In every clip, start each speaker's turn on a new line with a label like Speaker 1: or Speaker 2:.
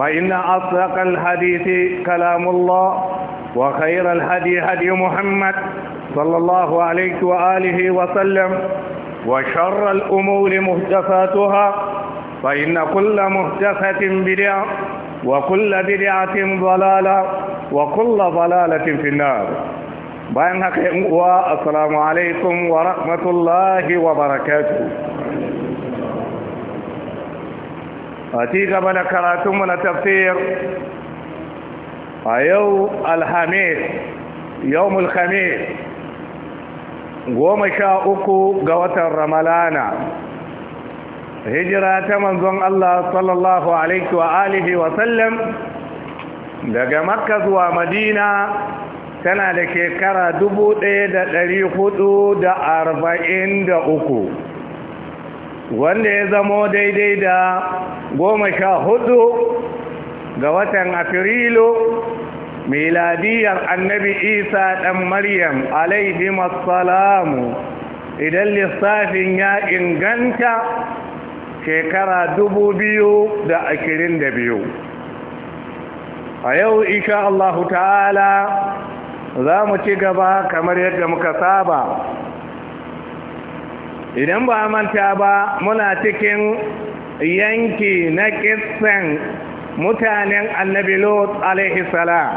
Speaker 1: فإن أصدق الحديث كلام الله وخير الهدي هدي محمد صلى الله عليه وآله وسلم وشر الأمور مهدفاتها فإن كل مهدفة بدعة وكل بدعة ضلالة وكل ضلالة في النار بأنك السلام عليكم ورحمة الله وبركاته a ci gaba da karatunmu na tafsir a yau alhamis yau mulhamis goma sha uku ga watan ramalana hijira ta manzon Allah sallallahu alaihi wa alihi wa sallam daga makka zuwa madina tana da shekara uku. wanda ya zamo daidai da goma sha hudu ga watan afirilu miladiyar annabi isa ɗan maryam alaihi masalamu idan lissafin ya inganta shekara dubu biyu da ashirin da biyu a yau isha Allahu ta'ala za mu ci gaba kamar yadda muka saba idan ba manta ba muna cikin yanki na kisan mutanen annabi lot alaihi salam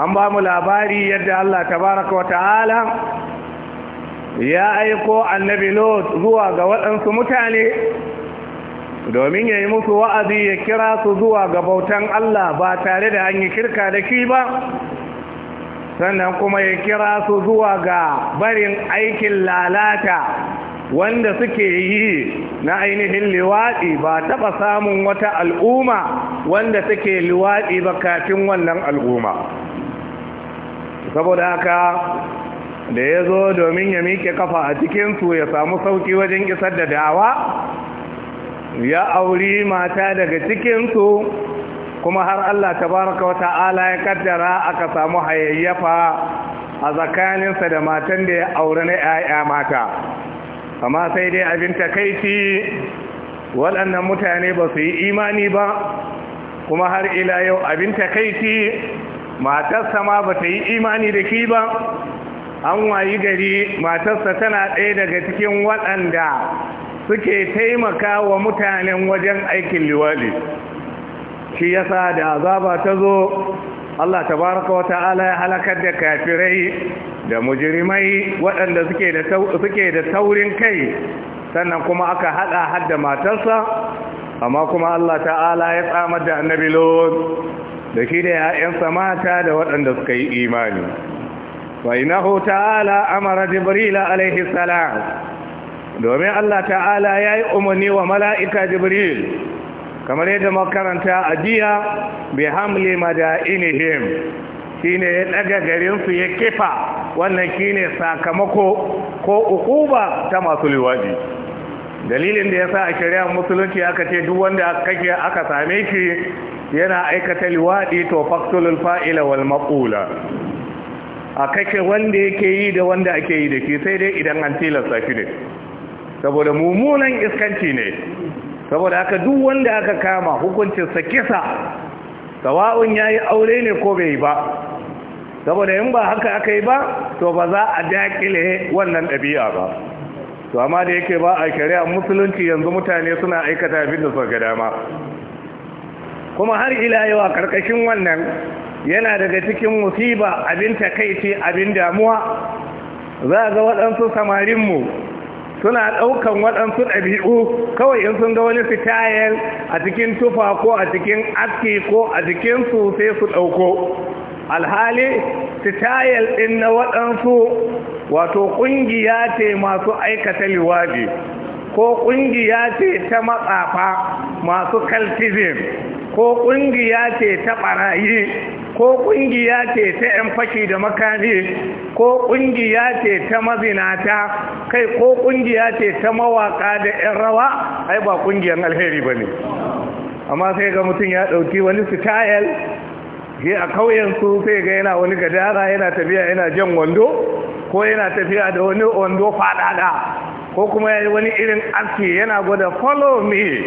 Speaker 1: an ba mu labari yadda Allah tabaraka wa ta'ala ya aiko annabi lot zuwa ga waɗansu mutane domin ya yi musu wa'azi ya kira su zuwa ga bautan Allah ba tare da an yi kirka da shi ba sannan kuma ya kira su zuwa ga barin aikin lalata wanda suke yi na ainihin liwaɗi ba taɓa samun wata al'umma wanda suke liwaɗi ba kafin wannan al'umma saboda haka da ya zo domin ya miƙe kafa a cikinsu ya samu sauƙi wajen isar da dawa ya auri mata daga cikinsu kuma har Allah tabaraka wa ta'ala ya kaddara aka samu hayayyafa a tsakaninsa da matan da ya aure na 'ya'ya mata amma sai dai abin takaici waɗannan mutane ba su yi imani ba kuma har ila yau abin takaici matarsa ma ba ta yi imani da ki ba an wayi gari matarsa tana ɗaya daga cikin waɗanda suke taimaka wa mutanen wajen aikin liwali shi yasa da azaba ta zo Allah tabaraka wata'ala ta'ala ya halakar da kafirai da mujirimai waɗanda suke da suke da taurin kai sannan kuma aka hada hadda matarsa amma kuma Allah ta'ala ya tsamar da annabi Lot da shi da ya'yansa mata da waɗanda suka yi imani wa inahu ta'ala amara jibril alaihi salam domin Allah ta'ala yayi umarni wa mala'ika jibril kamar yadda makaranta a jiya bai hamle inihim shi ne ya ɗaga garinsu ya kifa wannan shi ne sakamako ko ukuba ta masu liwaji dalilin da ya sa a shari'ar musulunci aka ce duk wanda kake aka same shi yana aikata liwaɗi to faktulul fa'ila wal maƙula a kake wanda yake yi da wanda ake yi da ke sai dai idan an tilasta shi ne saboda mummunan iskanci ne saboda haka duk wanda aka kama hukuncin sa kisa sawa'un yayi aure ne ko bai yi ba saboda in ba haka aka yi ba to ba za a dakile wannan ɗabi'a ba to amma da yake ba a shari'a musulunci yanzu mutane suna aikata abin da suka dama kuma har ila yau a karkashin wannan yana daga cikin musiba abin takaici abin damuwa za a ga waɗansu samarin mu suna ɗaukan waɗansu ɗabi'u kawai in sun ga wani sitayel a cikin tufa ko a cikin aski ko a jikinsu sai su ɗauko alhali sitayel ɗin na waɗansu wato ƙungiya ce masu aikata liwaɗi ko ƙungiya ce ta matsafa masu kaltizim ko ƙungiya ce ta ɓarayi ko ƙungiya ce ta 'yan fashi da makami ko ƙungiya ce ta mazinata kai ko ƙungiya ce ta mawaƙa da 'yan rawa ai ba ƙungiyar alheri ba ne amma sai ga mutum ya ɗauki wani style je a kauyensu sai ga yana wani gadara yana tafiya yana jan wando ko yana tafiya da wani wando faɗaɗa ko kuma ya yi wani irin aski yana gwada follow me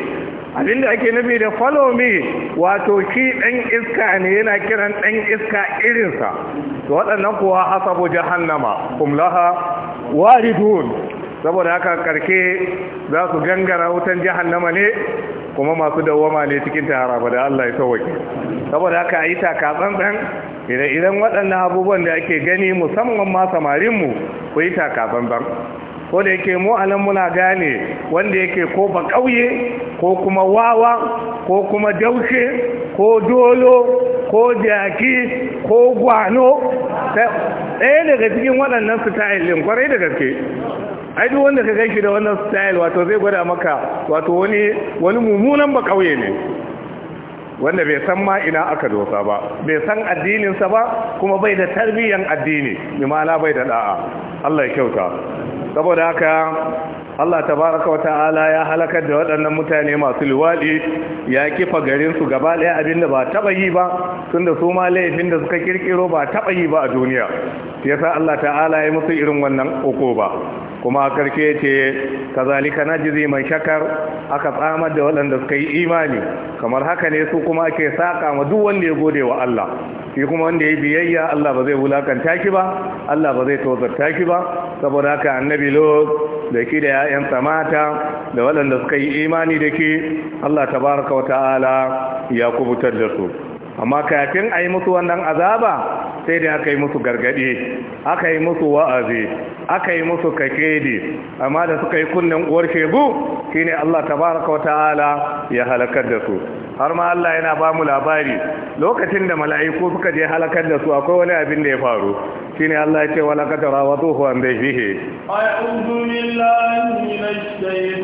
Speaker 1: abinda ake nufi da follow me wato shi ɗan iska ne yana kiran ɗan iska irinsa to waɗannan kuwa asabu jahannama Kumlaha laha waridun saboda haka karke za su gangara wutan jahannama ne kuma masu dawwama ne cikin tahara da Allah ya sauwake saboda haka yi taka tsantsan idan waɗannan abubuwan da ake gani musamman ma samarinmu ku yi taka tsantsan wanda yake mu anan muna gane wanda yake ko ba kauye ko kuma wawa ko kuma daushe ko dolo ko jaki ko gwano ɗaya daga cikin waɗannan style ɗin kwarai da gaske ai duk wanda ka gaishe da wannan style wato zai gwada maka wato wani mummunan ba kauye ne wanda bai san ma ina aka dosa ba bai san addininsa ba kuma bai da tarbiyyan addini Imana bai da da'a Allah ya kyauta saboda haka Allah tabaraka wata'ala ya halakar da waɗannan mutane masu luwaɗi ya kifa garin su gaba ɗaya abinda ba taɓa yi ba tunda su ma laifin da suka kirkiro ba taɓa yi ba a duniya yasa Allah ta'ala ya musu irin wannan uku ba kuma karke ce kazalika najzi mai shakar aka tsamar da waɗanda suka yi imani kamar haka ne su kuma ake saka ma duk wanda ya gode wa Allah shi kuma wanda ya biyayya Allah ba zai wulakanta shi ba Allah ba zai tozarta ki ba saboda haka annabi lo, da ki da ƴaƴan mata da waɗanda suka yi imani da ki Allah tabaraka wa ta'ala ya kubutar da su amma kafin a yi musu wannan azaba sai da aka yi musu gargaɗe aka yi musu wa'azi aka yi musu kakedi amma da suka yi kunnen uwar shegu shine Allah tabaraka Ta'ala ya halakar da su har ma Allah yana ba mu labari lokacin da mala'iku suka je halakar da su akwai wani abin da ya faru shine Allah ya ce wala kadara wa tuhu an dai fihe
Speaker 2: a'udhu billahi minash shaitanir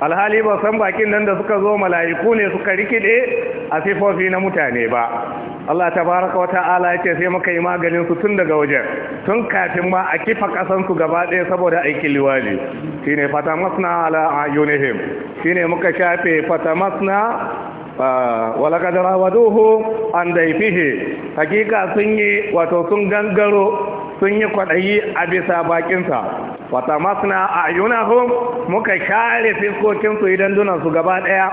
Speaker 1: alhali ba san bakin nan da suka zo mala'iku ne suka rikide a sifofi na mutane ba Allah tabaraka wata ya ce sai muka yi maganin su tun daga wajen tun kafin ma a kifa kasan su gaba ɗaya saboda aikin liwali shine fatamasna ala ayunihim shine muka shafe fatamasna laqad rawaduhu an daifihi hakika sun yi wato sun gangaro sun yi kwaɗayi a bisa bakinsa wata masana a yunahun muka share fiskokinsu idan dunansu gaba ɗaya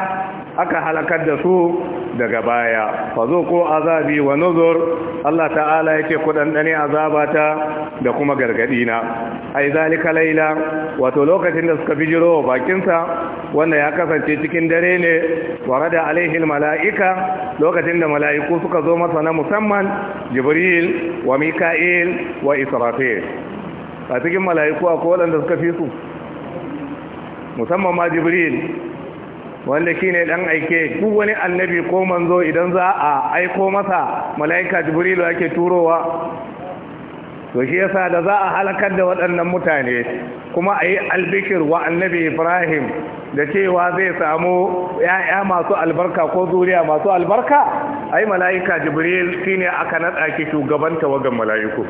Speaker 1: aka halakar da su daga baya fazo ko azabi wa nuzur Allah ta'ala yake kudandane azabata da kuma gargadi na ai zalika laila wato lokacin da suka bijiro bakin sa wanda ya kasance cikin dare ne warada alaihi almalaika lokacin da malaiku suka zo masa na musamman jibril wa mika'il wa israfil a cikin malaiku akwai waɗanda suka fi su musamman ma jibril wanda ne dan aike duk wani annabi ko manzo idan za a aiko masa malaika jibrilu yake turowa to shi yasa da za a halakar da waɗannan mutane kuma a yi albishir wa annabi ibrahim da cewa zai samu ya'ya masu albarka ko zuriya masu albarka ai mala'ika jibril shine aka nada ki shugabanta wagan mala'iku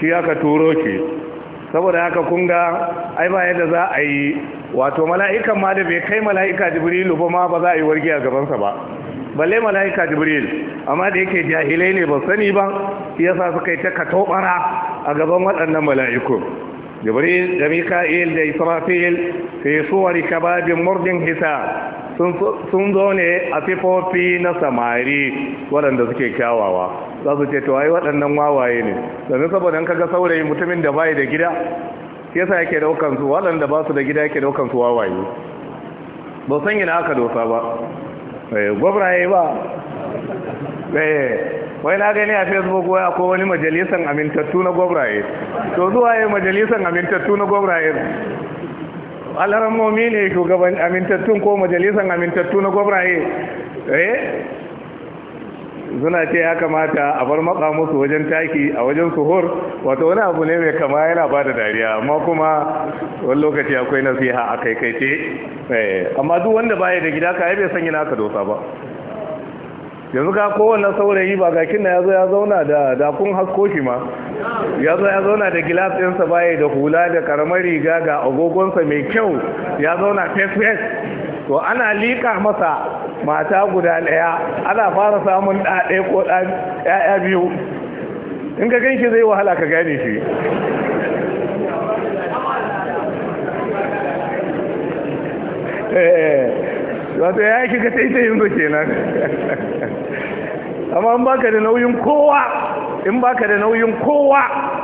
Speaker 1: shi aka turo ki saboda haka kun ga ai ba yadda za a yi wato mala'ikan ma da bai kai mala'ika jibrilu ba ma ba za a yi wargi a gabansa ba balle mala'ika jibril amma da yake jahilai ne ba sani ba yasa suka yi ta katobara a gaban waɗannan mala'iku jibril da mika'il da israfil fi suwar kababin murdin hisa sun zo ne a fifofi na samari waɗanda suke kyawawa za su ce to ai waɗannan wawaye ne domin saboda ka kaga saurayi mutumin da bai da gida yasa yake daukan su waɗanda ba su da gida yake daukan su wawaye ba san na aka dosa ba eh, yi ba eh, wai na gani a facebook wai akwai wani majalisan amintattu na gwamnaye to zuwa yi majalisan amintattu na gwamnaye momi ne shugaban amintattun ko majalisan amintattu na gwamnati eh suna ce ya kamata a bar maka musu wajen taki a wajen suhur wato wani abu ne mai kama yana ba da dariya amma kuma wani lokaci akwai nasiha a kai kai eh, amma duk wanda baya da gida ka bai san naka dosa ba yanzu ka kowane saurayi ba gakin na ya zo ya zauna da dakun hasko shi ma ya zo ya zauna da gilas ɗinsa baya da hula da karamar riga ga agogonsa mai kyau ya zauna fes to ana liƙa masa mata guda ɗaya ana fara samun ɗaɗe ko ɗaya biyu in ka gan zai wahala ka gane shi eh, eh, eh. wato ya shiga taitayin ba kenan amma in baka da nauyin kowa in baka da nauyin kowa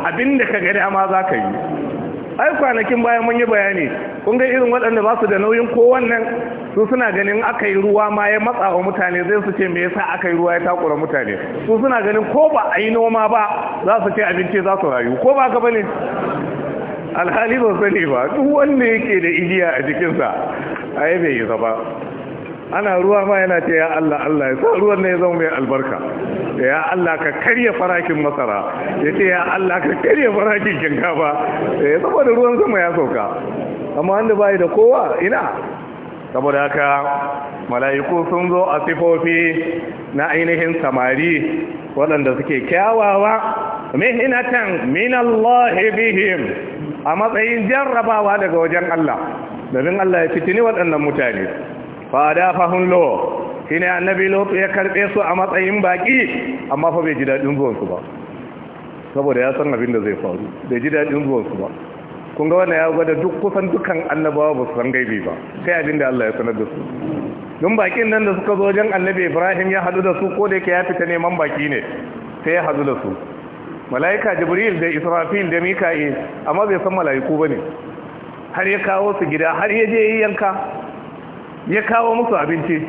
Speaker 1: abinda ka gari amma za ka yi ai kwanakin bayan mun yi bayani kun ga irin waɗanda ba su da nauyin kowan nan su suna ganin aka yi ruwa ma ya matsa wa mutane zai su ce me yasa aka yi ruwa ya takura mutane su suna ganin ko ba a yi noma ba za su ce abinci za su rayu ko ba ka bane alhali ba sani ba duk wanda yake da igiya a jikinsa yi bai yi ba ana ruwa ma yana ce ya Allah Allah ya sa ruwan ne ya zama mai albarka ya Allah ka karya farakin masara ya ce ya Allah ka karya farakin shinkafa ya eh, saboda ruwan zama ya sauka amma wanda bai da kowa ina saboda haka mala'iku sun zo a sifofi na ainihin samari waɗanda suke kyawawa mihinatan min Allah bihim a matsayin jarrabawa daga wajen Allah domin Allah ya fitini waɗannan mutane fa da fahun lo shi ne annabi lotu ya karɓe su a matsayin baƙi amma fa bai ji daɗin zuwansu ba saboda ya san abin da zai faru bai ji daɗin zuwansu ba kun ga wannan ya gwada duk kusan dukkan annabawa ba su san gaibi ba sai abin da Allah ya sanar da su don bakin nan da suka zo wajen annabi Ibrahim ya hadu da su ko da yake ya fita neman baki ne sai ya hadu da su malaika Jibril da Israfil da Mika'il amma bai san malaiku bane har ya kawo su gida har ya je yanka ya kawo musu abinci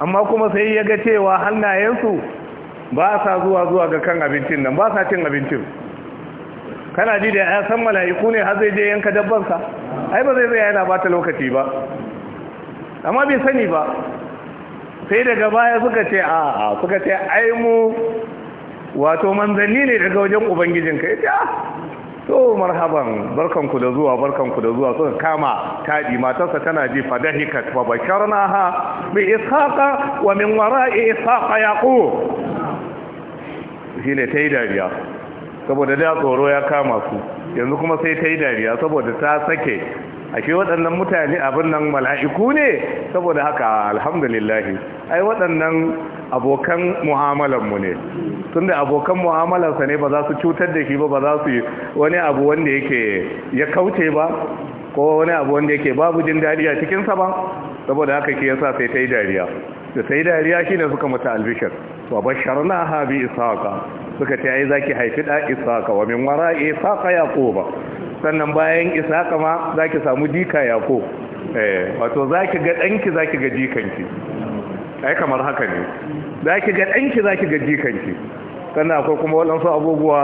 Speaker 1: amma kuma sai ya ga cewa hannayensu ba sa zuwa zuwa ga kan abincin nan ba sa cin abincin kana ji da ya san mala'iku ne har zai je yanka dabbansa ai ba zai zai yana bata lokaci ba amma bai sani ba sai daga baya suka ce a suka ce ai mu wato manzanni ne daga wajen ubangijinka ya ce ah, to marhaban barkanku da zuwa barkanku da zuwa suka kama taɗi matarsa tana ji fadahikat fa ha bi ishaqa wa min wara'i ishaqa yaqub shine tayi dariya saboda da tsoro ya kama su yanzu kuma sai tayi dariya saboda ta sake ashe waɗannan mutane abin nan mala'iku ne saboda haka alhamdulillahi ai waɗannan abokan mu ne tunda abokan sa ne ba za su cutar da shi ba ba za su yi wani abu wanda yake ya kauce ba ko wani abu wanda yake babu jin dariya cikinsa ba saboda haka ke yasa sai ta yi dariya da ta yi dariya shi ne suka mutu albishir wa bashar na bi isaka suka ce ai zaki haifi da isaka wa min wara isaka yaquba sannan bayan isaka ma zaki samu dika yaqub eh wato zaki ga danki zaki ga jikanki ai kamar haka ne za ki ga ɗanki za ki ga jikanki sannan akwai kuma waɗansu abubuwa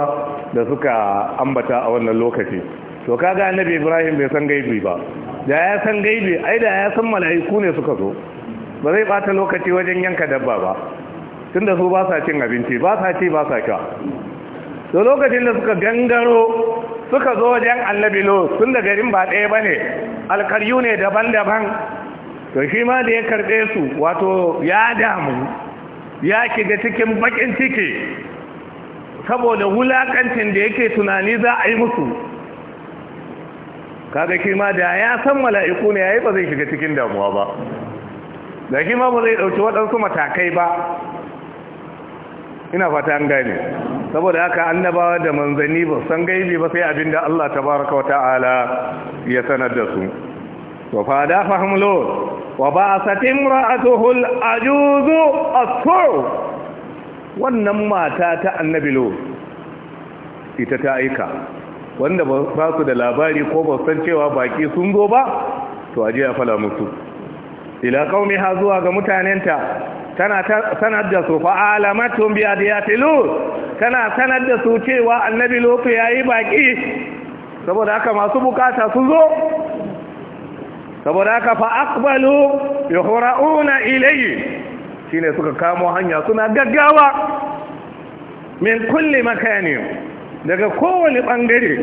Speaker 1: da suka ambata a wannan lokaci to kaga annabi ibrahim bai san gaibi ba da ya san gaibi ai da ya san mala'iku ne suka zo ba zai bata lokaci wajen yanka dabba ba tunda su ba sa cin abinci ba sa ci ba sa sha to lokacin da suka gangaro suka zo wajen annabi lo tun da garin ba ɗaya bane alkaryu ne daban-daban to shi ma da ya karɓe su wato ya damu ya ga cikin bakin ciki saboda wulakancin da yake tunani za a yi musu kaga shi ma da ya san mala'iku ne ya yi ba zai shiga cikin damuwa ba da shi ma ba zai ɗauki waɗansu matakai ba ina fata an gane saboda haka annabawa da manzanni ba san gaibi ba sai abinda Allah tabaraka wa ta'ala ya sanar da su to da fahimlo wa ba a satin ra'atuhul ajuzu wannan mata ta annabi ita ta aika wanda ba su da labari ko ba san cewa baki sun zo ba to aje ya fala musu ila qaumi ha zuwa ga mutanenta tana sanar da su fa da bi adiyatilu tana sanar da su cewa annabi lotu yayi baki saboda haka masu bukata sun zo saboda ka fa una ilayi shi ne suka kamo hanya suna gaggawa min kulle makani daga kowane bangare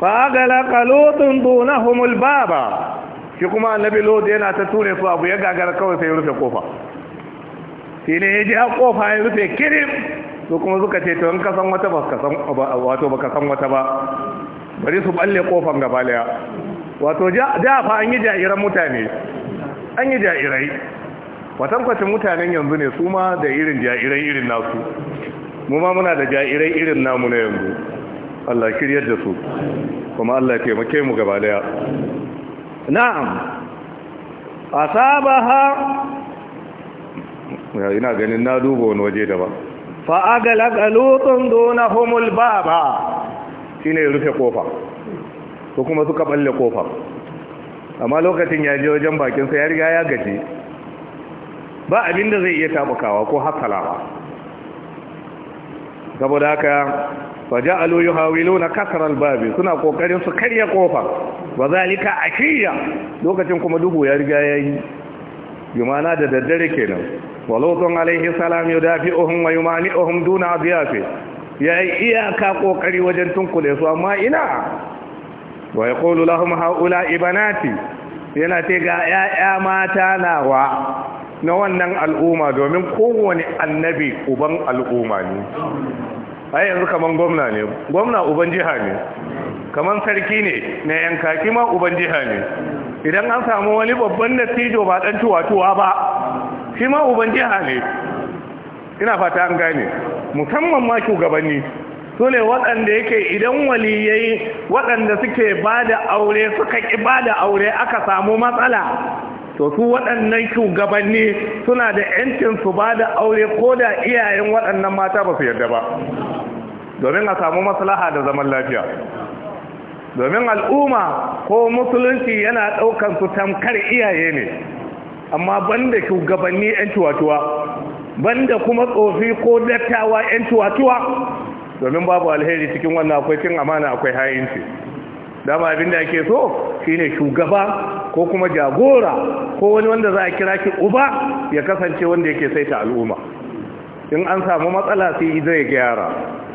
Speaker 1: fa agala qalutun dunahum albaba shi kuma annabi lodi yana ta ture su abu ya gagara kawai sai rufe kofa shi ne ya ji a kofa ya rufe kirim su kuma suka ce to in ka san wata ba wato san wata ba bari su balle kofan gaba daya wato da fa an yi jairan mutane an yi jairai kwacin mutanen yanzu ne su ma da irin jairai irin nasu mu ma muna da jairai irin namu na yanzu Allah kiryar da su kuma Allah taimake mu gaba daya na'am asabaha ina ganin na duba wani waje da ba fa'agalaga lutsun dona homul ba ba shi ne rufe kofa to kuma suka balle kofar amma lokacin ya je wajen bakinsa ya riga ya gaji ba abin da zai iya tabukawa ko hakalawa saboda haka waje aloyi hawilo na kasar albabi suna kokarin su karya kofa ba zalika a shirya lokacin kuma duhu ya riga ya yi yumana da daddare kenan walotun alaihi salam ya dafi ohun wa yumani ohun duna ya yi iyaka kokari wajen tunkule su amma ina wa ya yaqulu lahum haula ibanati yana ce ga 'ya'ya mata nawa na wannan al'umma domin kowane annabi uban al'umma ne ai yanzu kamar gwamna ne gwamna uban jiha ne Kamar sarki ne na yanka kima uban jiha ne idan an samu wani babban natijo ba dan tuwa-tuwa ba shi ma uban jiha ne ina fata an gane musamman ma shugabanni su ne waɗanda yake idan waliyai waɗanda suke ba da aure suka ƙi ba da aure aka samu matsala to su waɗannan shugabanni suna da 'yancin su ba da aure ko da iyayen waɗannan mata ba su yarda ba domin a samu maslaha da zaman lafiya domin al'umma ko musulunci yana ɗaukan su tamkar iyaye ne amma banda shugabanni 'yan cuwa banda kuma tsofi ko dattawa 'yan cuwa domin babu alheri cikin wannan akwai cin amana akwai hayinci dama abin da ake so shine shugaba ko kuma jagora ko wani wanda za a kira ki uba ya kasance wanda yake saita al'umma in an samu matsala sai zai gyara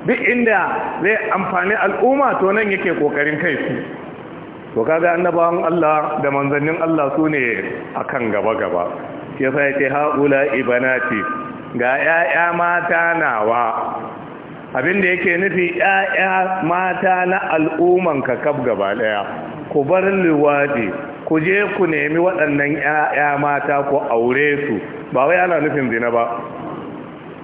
Speaker 1: duk inda zai amfani al'umma to nan yake kokarin kai su to kaga annabawan Allah da manzannin Allah sune akan gaba gaba sai sai ta haula ibanati ga 'ya'ya mata nawa abinda yake nufi ‘ya'ya mata na al'umman kakab gaba ɗaya ku bar liwadi ku je ku nemi waɗannan ‘ya'ya mata ku aure su ba wai ana nufin zina ba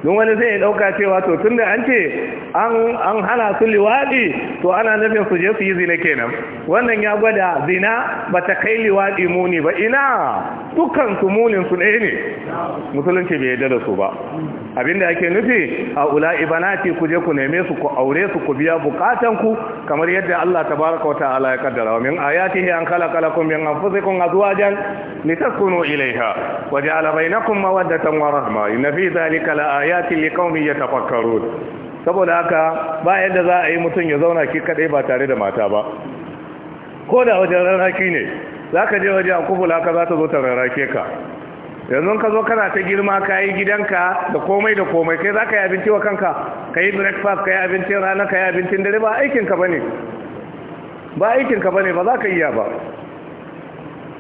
Speaker 1: don wani zai ya dauka cewa to da an ce an hana su liwaɗi to ana nufin su je su yi zina kenan wannan ya gwada zina ba ta kai liwaɗi muni ba ina dukkan su munin su ɗaya ne musulunci bai yadda da su ba abinda ake nufi a ula ibanati ku je ku neme su ku aure su ku biya bukatan ku kamar yadda Allah Ta baraka wata ala ya kaddara min ayatihi an khalaqa lakum min anfusikum azwajan litaskunu ilayha wa ja'ala bainakum mawaddatan wa rahma inna fi dhalika la ayati liqaumin yatafakkarun saboda haka ba yadda za a yi mutum ya zauna ki kadai ba tare da mata ba ko da wajen rarraki ne zaka je waje a kubula ka za ta zo ta rarrake ka yanzu ka zo kana ta girma ka yi gidanka da komai da komai kai zaka ka yi abinci wa kanka ka yi breakfast ka yi abincin rana ka yi abincin dare ba aikinka ba ne ba aikin ka bane ba za ka ya ba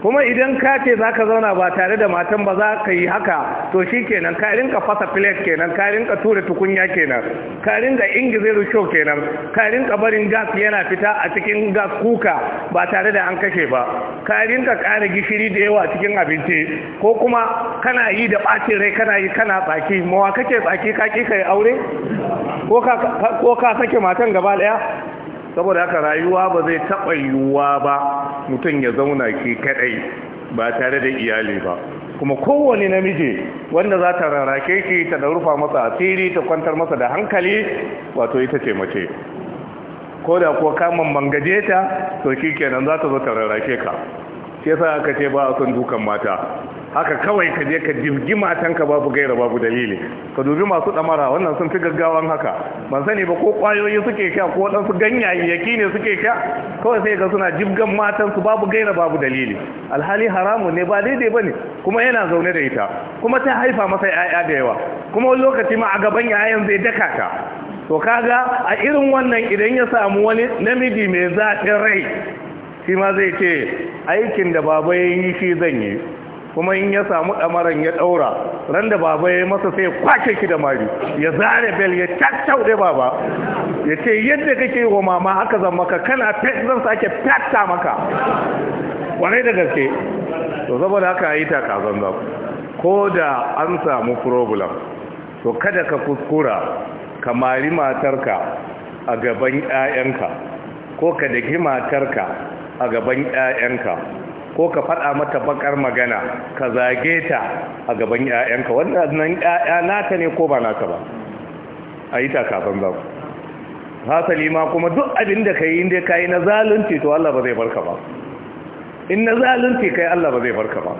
Speaker 1: kuma idan ka ce za ka zauna ba tare da matan ba za ka yi haka to shi kenan ka rinka fasa filet kenan ka rinka tura tukunya kenan ka rinka ingize show kenan ka rinka barin gas yana fita a cikin gas kuka ba tare da an kashe ba ka rinka ƙara gishiri da yawa cikin abinci ko kuma kana yi da ɓacin rai kana yi kana tsaki mawa kake tsaki ka ƙi yi aure ko ka sake matan gaba ɗaya saboda haka rayuwa ba zai taɓa yiwuwa ba mutum ya zauna ke kaɗai ba tare da iyali ba kuma kowane namiji wanda za ta rarrake shi ta da rufa masa asiri ta kwantar masa da hankali wato ita ce mace ko da kuwa kamun mangaje ta to kenan za ta zo ta rarrake ka shi yasa aka ce ba a son dukan mata haka kawai ka je ka jimgi matanka babu gaira babu dalili ka dubi masu damara wannan sun fi gaggawan haka ban sani ba ko kwayoyi suke sha ko waɗansu ganyayyaki ne suke sha kawai sai ka suna jibgan matansu babu gaira babu dalili alhali haramun ne ba daidai bane kuma yana zaune da ita kuma ta haifa masa 'ya'ya da yawa kuma wani lokaci ma a gaban 'ya'yan zai daka ta to kaga a irin wannan idan ya samu wani namiji mai zaɓin rai shi ma zai ce aikin da baba ya yi shi zan yi kuma in ya samu ɗamaran ya ɗaura ran da baba ya masa sai kwace shi da mari ya zare bel ya caccaude baba ya ce yadda kake wa mama haka zan maka kana zan sake fata maka kwarai da gaske to saboda haka yi ta kazan zanzan ko da an samu problem to kada ka kuskura ka mari matarka a gaban 'ya'yanka ko ka daki matarka a gaban 'ya'yanka ko ka faɗa mata bakar magana ka zage ta a gaban 'ya'yanka wannan 'ya'ya naka ne ko ba naka ba a yi takafin zaku hasali ma kuma duk abin da ka yi inda ka na zalunci to Allah ba zai barka ba in na zalunci kai Allah ba zai barka ba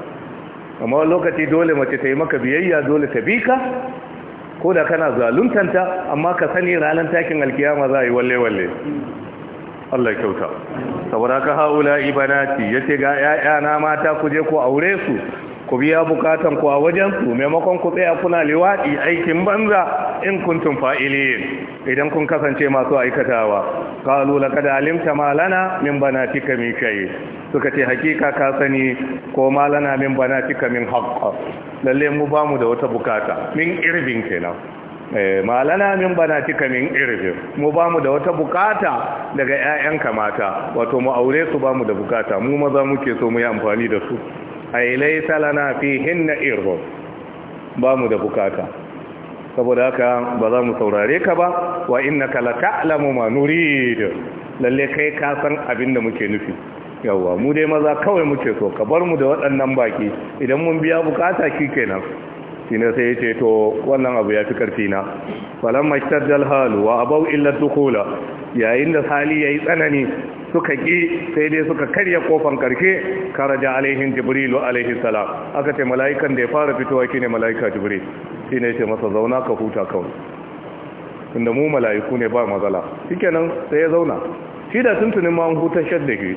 Speaker 1: amma lokaci dole mace ta yi maka biyayya dole ta bi ka ko da kana zaluntanta amma ka sani ranar takin alkiyama za a yi walle-walle Allah kyauta saboda ka haula ibanati ce ga 'ya'yana mata ku je ku aure su ku biya bukatan ku a wajen su maimakon ku tsaya kuna liwaɗi, aikin banza in kun kuntum iliyin. idan kun kasance masu aikatawa qalu laqad alimta ma lana min ka min kai, suka ce hakika ka sani ko ma lana min ka min haƙƙa lalle mu bamu da wata bukata min irbin kenan Eh, malana min bana cika min irfin mu ba mu da wata bukata daga 'ya'yanka mata wato mu aure su ba mu da bukata mu maza muke so mu yi amfani da su ai laisa lana hinna irfin ba mu da bukata saboda haka ba za mu saurare ka ba wa innaka ta'lamu ma nurid lalle kai ka san abin da muke nufi yawwa mu dai maza kawai muke so ka bar mu da waɗannan baki idan mun biya bukata nan. Shi ne sai yace to wannan abu ya fi karfi na falamma istajjal Dalhalu, wa abau illa dukhula yayin da hali yayi tsanani suka ki sai dai suka karya kofan karke karaja alaihin jibrilu alaihi salam aka ce mala'ikan da ya fara fitowa kine mala'ika jibril Shi ne yace masa zauna ka huta kawai tunda mu mala'iku ne ba matsala shikenan sai ya zauna shi da tuntunin ma an shan da ke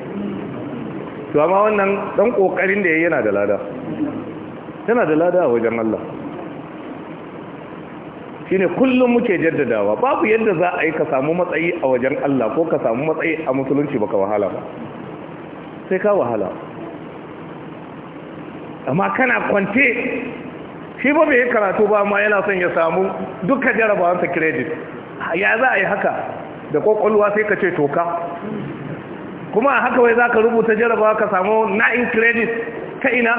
Speaker 1: to amma wannan dan kokarin da yayi yana da lada yana da lada a wajen Allah shine kullum muke jaddadawa babu yadda za a yi ka samu matsayi a wajen Allah ko ka samu matsayi a musulunci baka wahala ba sai ka wahala amma kana kwance shi ba bai karatu ba amma yana son ya samu duka jarabawansa credit ya za a yi haka da kwakwalwa sai ka ce toka kuma a haka wai za ka rubuta jarabawa ka samu na'in credit ka ina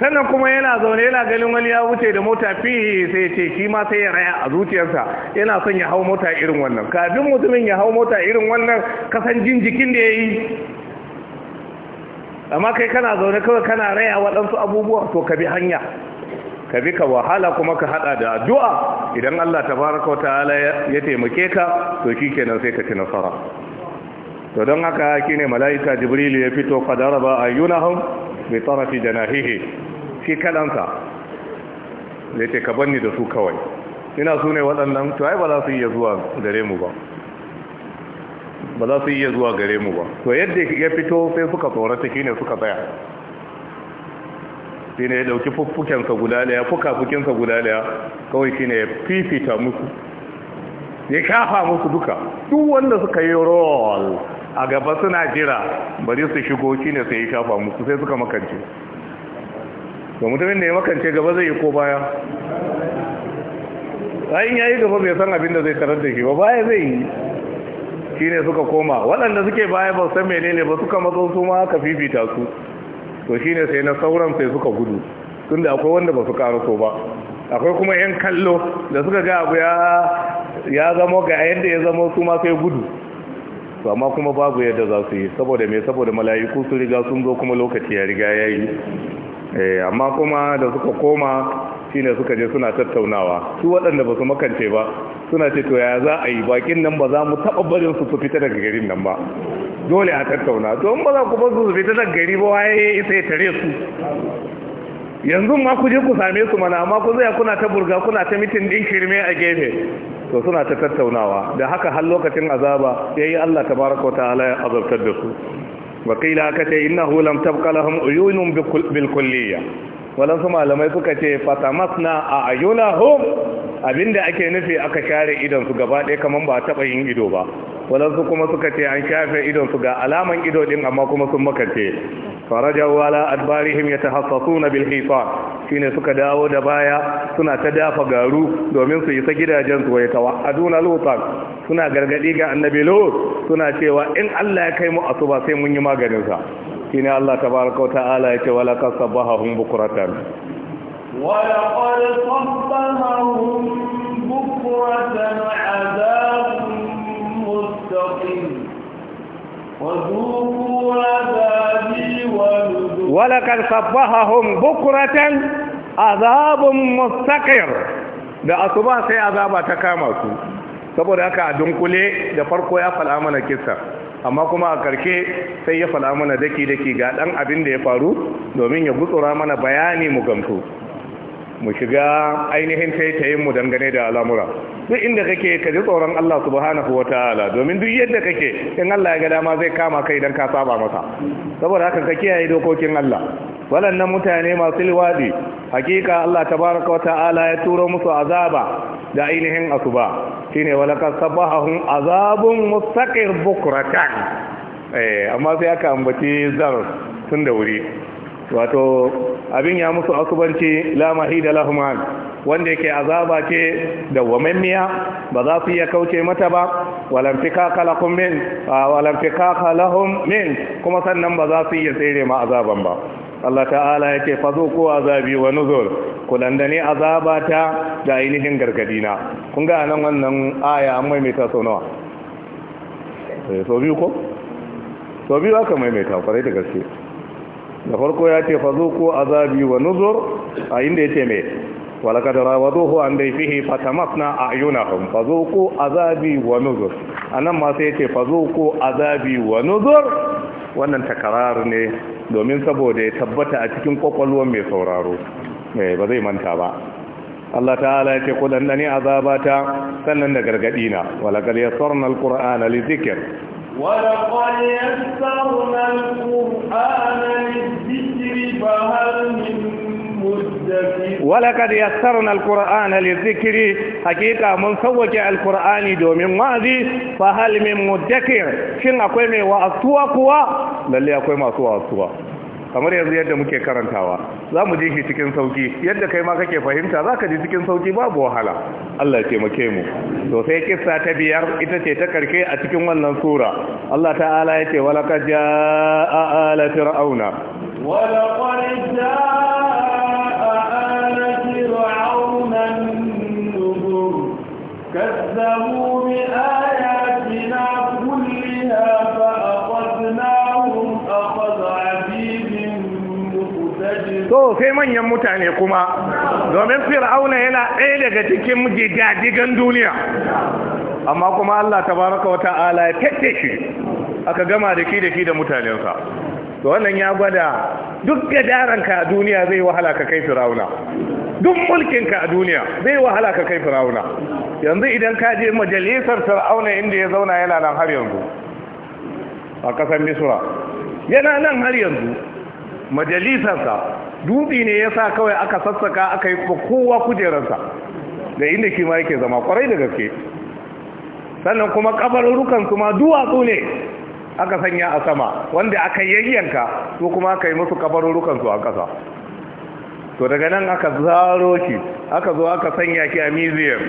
Speaker 1: sannan kuma yana zaune yana ganin wani ya wuce da mota fi sai ce shi ma sai ya raya a zuciyarsa yana son ya hau mota irin wannan kafin mutumin ya hau mota irin wannan kasan jin jikin da ya yi amma kai kana zaune kawai kana raya waɗansu abubuwa to ka bi hanya ka bi ka wahala kuma ka haɗa da addu'a idan Allah Ta baraka wa ta'ala ya taimake ka to kenan sai ka ci nasara to don haka ne mala'ika jibril ya fito fadaraba ayyunahum bi tarafi janahihi ke kalansa da ke ka banni da su kawai ina su ne waɗannan to ai ba za su iya zuwa gare mu ba ba za su iya zuwa gare mu ba to yadda ya fito sai suka tsorata shi ne suka tsaya shi ne ya ɗauki fuffukensa guda fuka fukafukinsa guda kawai shi ne ya fifita musu ya shafa musu duka duk wanda suka yi rol a gaba suna jira bari su shigo shi ne sai ya shafa musu sai suka makance to mutumin da ya makance gaba zai yi ko baya bayan ya yi gaba bai san abin da zai tarar da shi ba baya zai yi shi ne suka koma waɗanda suke baya ba san menene ba suka matso su ma aka fifita su to shi ne sai na sauran sai suka gudu tunda akwai wanda ba su so ba akwai kuma 'yan kallo da suka ga abu ya zama ga yadda ya zama su ma sai gudu to amma kuma babu yadda za su yi saboda me saboda mala'iku su riga sun zo kuma lokaci ya riga ya yi Eh, amma kuma da suka koma shine suka je suna tattaunawa su waɗanda ba su makance ba suna ce to ya za a yi bakin nan ba za mu taɓa barin su su fita daga garin nan ba dole a tattauna to ba za ku bar su su fita daga gari ba waye isa ya tare su yanzu ma ku je ku same su mana amma ku zai kuna ta burga kuna ta mitin din kirme a gefe to suna ta tattaunawa da haka har lokacin azaba yayi Allah tabaraka wa ta'ala ya azabtar da su wakila aka ce innahu lam tabqa lahum uyunun bil kulliyya malamai suka ce fatamasna a ayunahum abinda ake nufi aka share idan su gaba ɗaya kaman ba taɓa yin ido ba walansu kuma suka ce an shafe idon su ga alaman ido din amma kuma sun makance farajaw wala adbarihim yatahassasuna bil hisan shine suka dawo da baya suna ta dafa garu domin su isa gidajen su waytawa aduna lutan suna gargadi ga annabi lut suna cewa in Allah ya kai mu asuba sai mun yi maganin sa shine Allah tabaaraka ta'ala ce wala kasabahum bukratan
Speaker 2: wala qad sabbahum bukratan azabun Walakar
Speaker 1: ولقد صبحهم بكرة عذاب مستقر da asuba sai azaba ta kama su saboda haka a dunkule da farko ya fala mana kissa amma kuma a karke sai ya fala mana daki daki ga dan abin da ya faru domin ya gutsura mana bayani mu gamsu mu shiga ainihin taitayin mu dangane da al'amura duk inda kake ka ji tsoron Allah subhanahu wataala domin duk yadda kake in Allah ya ga dama zai kama kai idan ka saba masa saboda haka ka kiyaye dokokin Allah waɗannan mutane masu liwadi hakika Allah tabaraka wata'ala ya turo musu azaba da ainihin asuba shine walaqad sabahahum azabun mustaqir bukratan eh amma sai aka ambaci zar tun da wuri wato abin ya musu asubanci la mahida lahum wanda yake azaba ce da wamanniya ba za su iya kauce mata ba walam fikaka lahum min walam fikaka lahum min kuma sannan ba za su iya tsere ma azaban ba Allah ta'ala yake fazuku azabi wa nuzur ku azaba azabata da ainihin gargadina kun ga nan wannan aya an maimaita sau nawa eh, sau biyu ko sau biyu aka ta kwarai da gaske da farko ya ce ko azabi wa nuzur a inda yace me walaqad rawaduhu an dayfihi fatamasna ayunahum ko azabi wa nuzur anan ma sai yace ko azabi wa nuzur wannan takarar ne domin saboda ya tabbata a cikin kwakwalwar mai sauraro mai eh, ba zai manta ba Allah ta'ala ya ce ku dandane azabata sannan da gargadi na walaqad yassarna alqur'ana lizikr
Speaker 2: ولقد يسرنا القرآن للذكر فهل من مدكر
Speaker 1: ولقد يسرنا القرآن للذكر حقيقة من سوّك القرآن دوم وعدي فهل من مدكر شن أقوى وأسوى قوى للي أقوى ما أسوى أسوى kamar yanzu yadda muke karantawa za mu ji shi cikin sauki yadda kai ma kake fahimta za ka ji cikin sauki babu wahala Allah ya taimake mu to sai kissa ta biyar ita ce ta karke a cikin wannan sura Allah ta'ala ya ce walaqad jaa ala fir'auna
Speaker 2: walaqad jaa ala fir'auna nuzur kazzabu bi ayati
Speaker 1: to sai manyan mutane kuma domin fir'auna yana ɗaya daga cikin gigadigan duniya amma kuma Allah tabaraka wa ta'ala ya fete shi aka gama da ki da ki da mutanensa to wannan ya gwada duk gadaranka a duniya zai wahala ka kai fir'auna duk mulkinka a duniya zai wahala ka kai fir'auna yanzu idan ka je majalisar fir'auna inda ya zauna yana nan har yanzu a kasar misra yana nan har yanzu majalisarsa dutse ne ya sa kawai aka sassaka aka yi kowa kujerarsa da inda shi ma yake zama kwarai da gaske sannan kuma su kuma duwatsu ne aka sanya a sama wanda aka yayyanka su kuma aka yi musu rukan su a ƙasa to daga nan aka zaro shi aka zo aka sanya shi a museum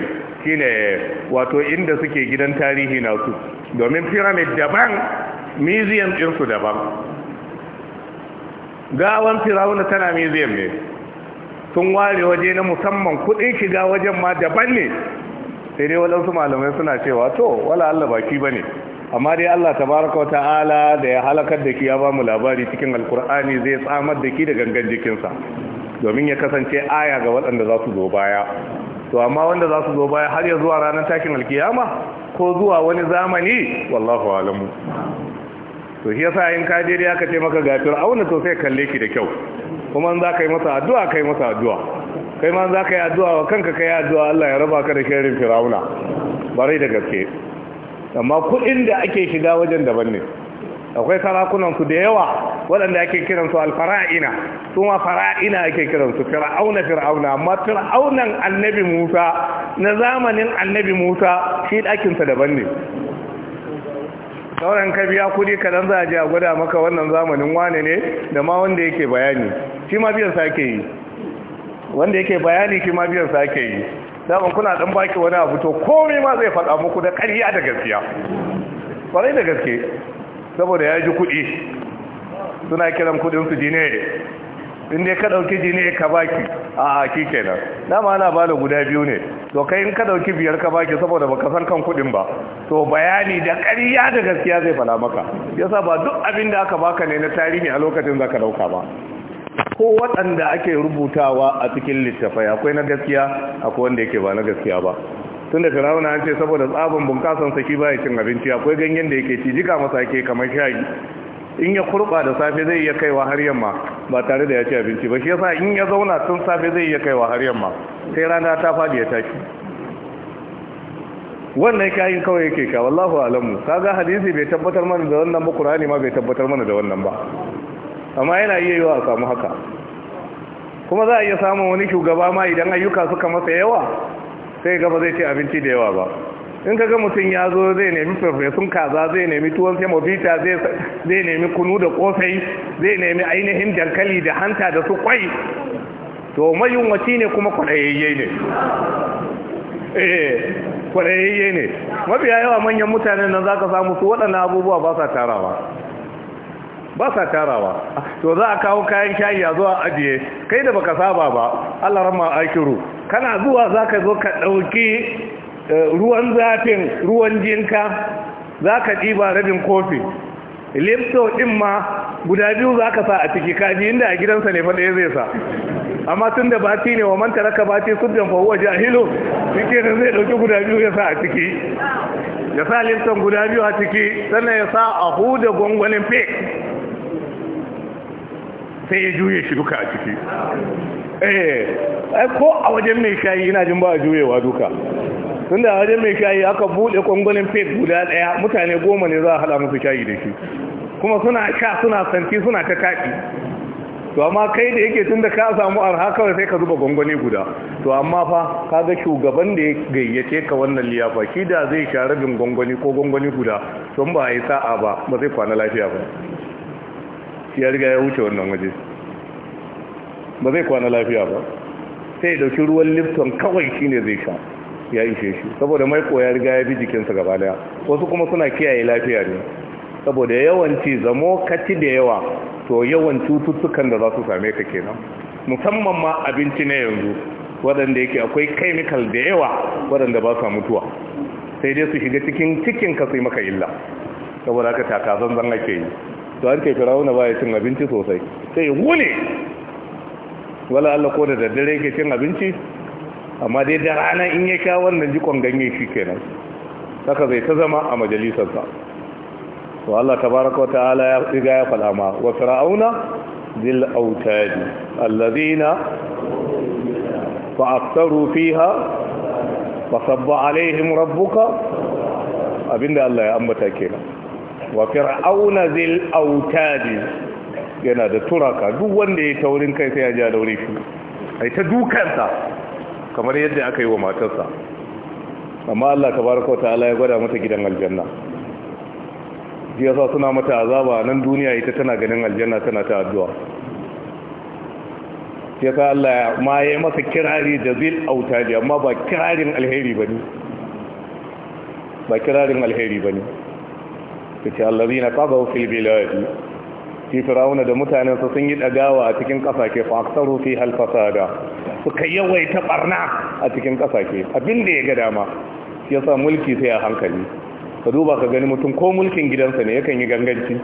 Speaker 1: shine wato inda suke gidan tarihi nasu domin pyramid daban museum ɗinsu daban gawan firawuna tana zai ne sun ware waje na musamman kudin shiga wajen ma daban ne sai dai waɗansu malamai suna cewa to wala Allah baki ba ne. amma dai Allah baraka wa ta'ala da ya halakar da ki ya ba mu labari cikin alkur'ani zai tsamar da ki da gangan jikinsa domin ya kasance aya ga waɗanda za su zo baya to amma wanda za su zo baya har ya zuwa ranar takin alkiyama ko zuwa wani zamani wallahu alamu to shi yasa in ka je aka ce maka ga fir'auna to sai kalle ki da kyau kuma za ka yi masa addu'a kai masa addu'a kai ma za ka yi addu'a wa kanka kai addu'a Allah ya raba ka da sharrin fir'auna bari da gaske amma kuɗin da ake shiga wajen daban ne akwai sarakunan ku da yawa waɗanda ake kiran su alfara'ina su ma fara'ina ake kiran su fir'auna fir'auna amma fir'aunan annabi Musa na zamanin annabi Musa shi ɗakinsa daban ne sauran ka biya kudi kadan za a je a gwada maka wannan zamanin wane ne da ma wanda yake bayani shi ma biyan sake yi wanda yake bayani shi ma biyan sake yi daman kuna ɗan baki wani abu to komai ma zai faɗa muku da ƙarya da gaskiya kwarai da gaske saboda ya ji kuɗi suna kiran kuɗin su dinere in dai ka dauki jini ka baki a haki kenan dama ana ba guda biyu ne to kai in ka dauki biyar ka baki saboda baka san kan kudin ba to bayani da ƙarya da gaskiya zai fada maka yasa ba duk abin da aka baka ne na tarihi a lokacin zaka dauka ba ko waɗanda ake rubutawa a cikin littafai akwai na gaskiya akwai wanda yake ba na gaskiya ba tunda rauna an ce saboda tsabin bunkasan saki baya cin abinci akwai ganyen da yake ci jika masa kamar shayi in ya kurba da safe zai iya kaiwa har yamma ba tare da ya ci abinci ba shi yasa in ya zauna tun safe zai iya kaiwa har yamma sai rana ta faɗi ya tashi wannan kayan kawai yake ka wallahu alamu kaga hadisi bai tabbatar mana da wannan ba qur'ani ma bai tabbatar mana da wannan ba amma yana iya yiwa a samu haka kuma za a iya samun wani shugaba ma idan ayyuka suka masa yawa sai gaba zai ci abinci da yawa ba in ka ga mutum ya zo zai nemi farfesun kaza zai nemi tuwon semovita zai nemi kunu da kosai zai nemi ainihin dankali da hanta da su kwai to mayunwaci ne kuma kwadayayye ne eh kwadayayye ne mafi yawa manyan mutanen nan za ka samu su waɗannan abubuwa ba sa tarawa ba sa tarawa to za a kawo kayan shayi a zuwa ajiye kai da baka saba ba Allah rama akiru kana zuwa za ka zo ka ɗauki ruwan zafin ruwan jinka za ka ɗiba rabin kofi lipto ɗin ma guda biyu za ka sa a ciki kaji inda a gidansa ne faɗa ya zai sa amma tun da bati ne wa manta raka bati sun jamfa huwa jahilu shike da zai ɗauki guda biyu ya sa a ciki ya sa lifton guda biyu a ciki sannan ya sa a huda gwangwanin fe sai ya juye shi duka a ciki eh ko a wajen mai shayi ina jin ba a juyewa duka tun da wajen mai shayi aka bude kwangwalin fet guda daya mutane goma ne za a hada musu shayi da shi kuma suna sha suna santi suna ta kaɗi to amma kai da yake tun da ka samu arha kawai sai ka zuba gwangwani guda to amma fa ka ga shugaban da ya gayyace ka wannan liyafa shi da zai sha rabin gwangwani ko gwangwani guda tun ba a yi sa'a ba ba zai kwana lafiya ba ya riga ya wuce wannan waje ba zai kwana lafiya ba sai ya ɗauki ruwan lifton kawai shi ne zai sha ya ishe shi saboda mai koya riga ya bi jikinsa gaba daya wasu kuma suna kiyaye lafiya ne saboda yawanci zamo kaci da yawa to yawan cututtukan da za su same ka kenan musamman ma abinci na yanzu waɗanda yake akwai chemical da yawa waɗanda ba sa mutuwa sai dai su shiga cikin cikin ka sai maka illa saboda haka taka zan ake yi to an ce firawuna na baya cin abinci sosai sai ya wala Allah ko da daddare yake cin abinci amma dai da rana in ya sha wannan jikon ganye shi kenan saka zai ta zama a majalisarsa wa Allah tabaraka ta'ala ya riga ya fada ma wa fir'auna dil autadi alladhina fa'aktaru fiha fa sabba alaihim rabbuka abinda Allah ya ambata kenan wa fir'auna zil autadi yana da turaka duk wanda ya taurin kai sai ya ja daure shi ai ta dukansa kamar yadda aka yi wa matarsa amma Allah tabaraka ta'ala ya gwada mata gidan aljanna shi yasa suna mata azaba nan duniya ita tana ganin aljanna tana ta addu'a shi yasa Allah ma yayi masa kirari da zil autadi amma ba kirarin alheri bane ba kirarin alheri bane kace allazina qadaw fil biladi shi firawuna da mutanen su sun yi dagawa a cikin kasake fa aksaru fi hal suka yawaita barna a cikin kasake abin da ya ga dama ya sa mulki sai a hankali ka duba ka gani mutum ko mulkin gidansa ne yakan yi ganganci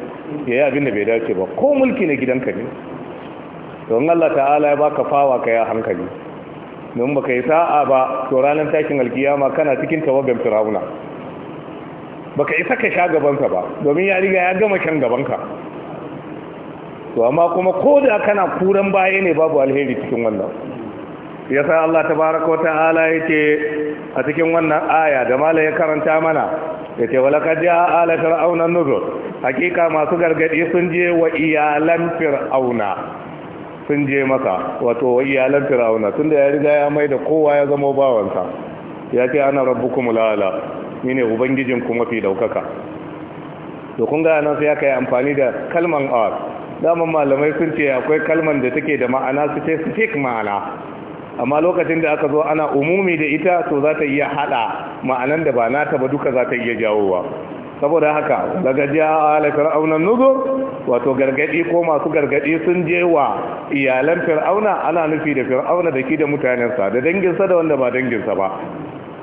Speaker 1: ya yi abin da bai dace ba ko mulki na gidanka ne don Allah ta'ala ya baka fawa ka ya hankali don baka yi sa'a ba to ranar takin alkiyama kana cikin tawagan firawuna baka isa ka sha gabansa ba domin ya riga ya gama shan gabanka to amma kuma ko da kana kuran baya ne babu alheri cikin wannan ya sa Allah ta baraka wa ta'ala ya a cikin wannan aya da mala ya karanta mana ya ce walaka ja ala fir'auna nuzur hakika masu gargadi sun je wa iyalan fir'auna sun je maka wato wa iyalan fir'auna tunda ya riga ya mai da kowa ya zama bawansa ya ce ana rabbukum la'ala ni ne ubangijin kuma fi daukaka to kun ga nan sai aka yi amfani da kalman ar daman malamai sun ce akwai kalman da take da ma'ana su ce su ma'ana amma lokacin da aka zo ana umumi da ita to za ta iya haɗa ma'anan da ba nata ba duka za ta iya jawowa saboda haka daga a ala fir'auna nuzur wato gargadi ko masu gargadi sun je wa iyalan fir'auna ana nufi da fir'auna da ke da mutanensa da danginsa da wanda ba danginsa ba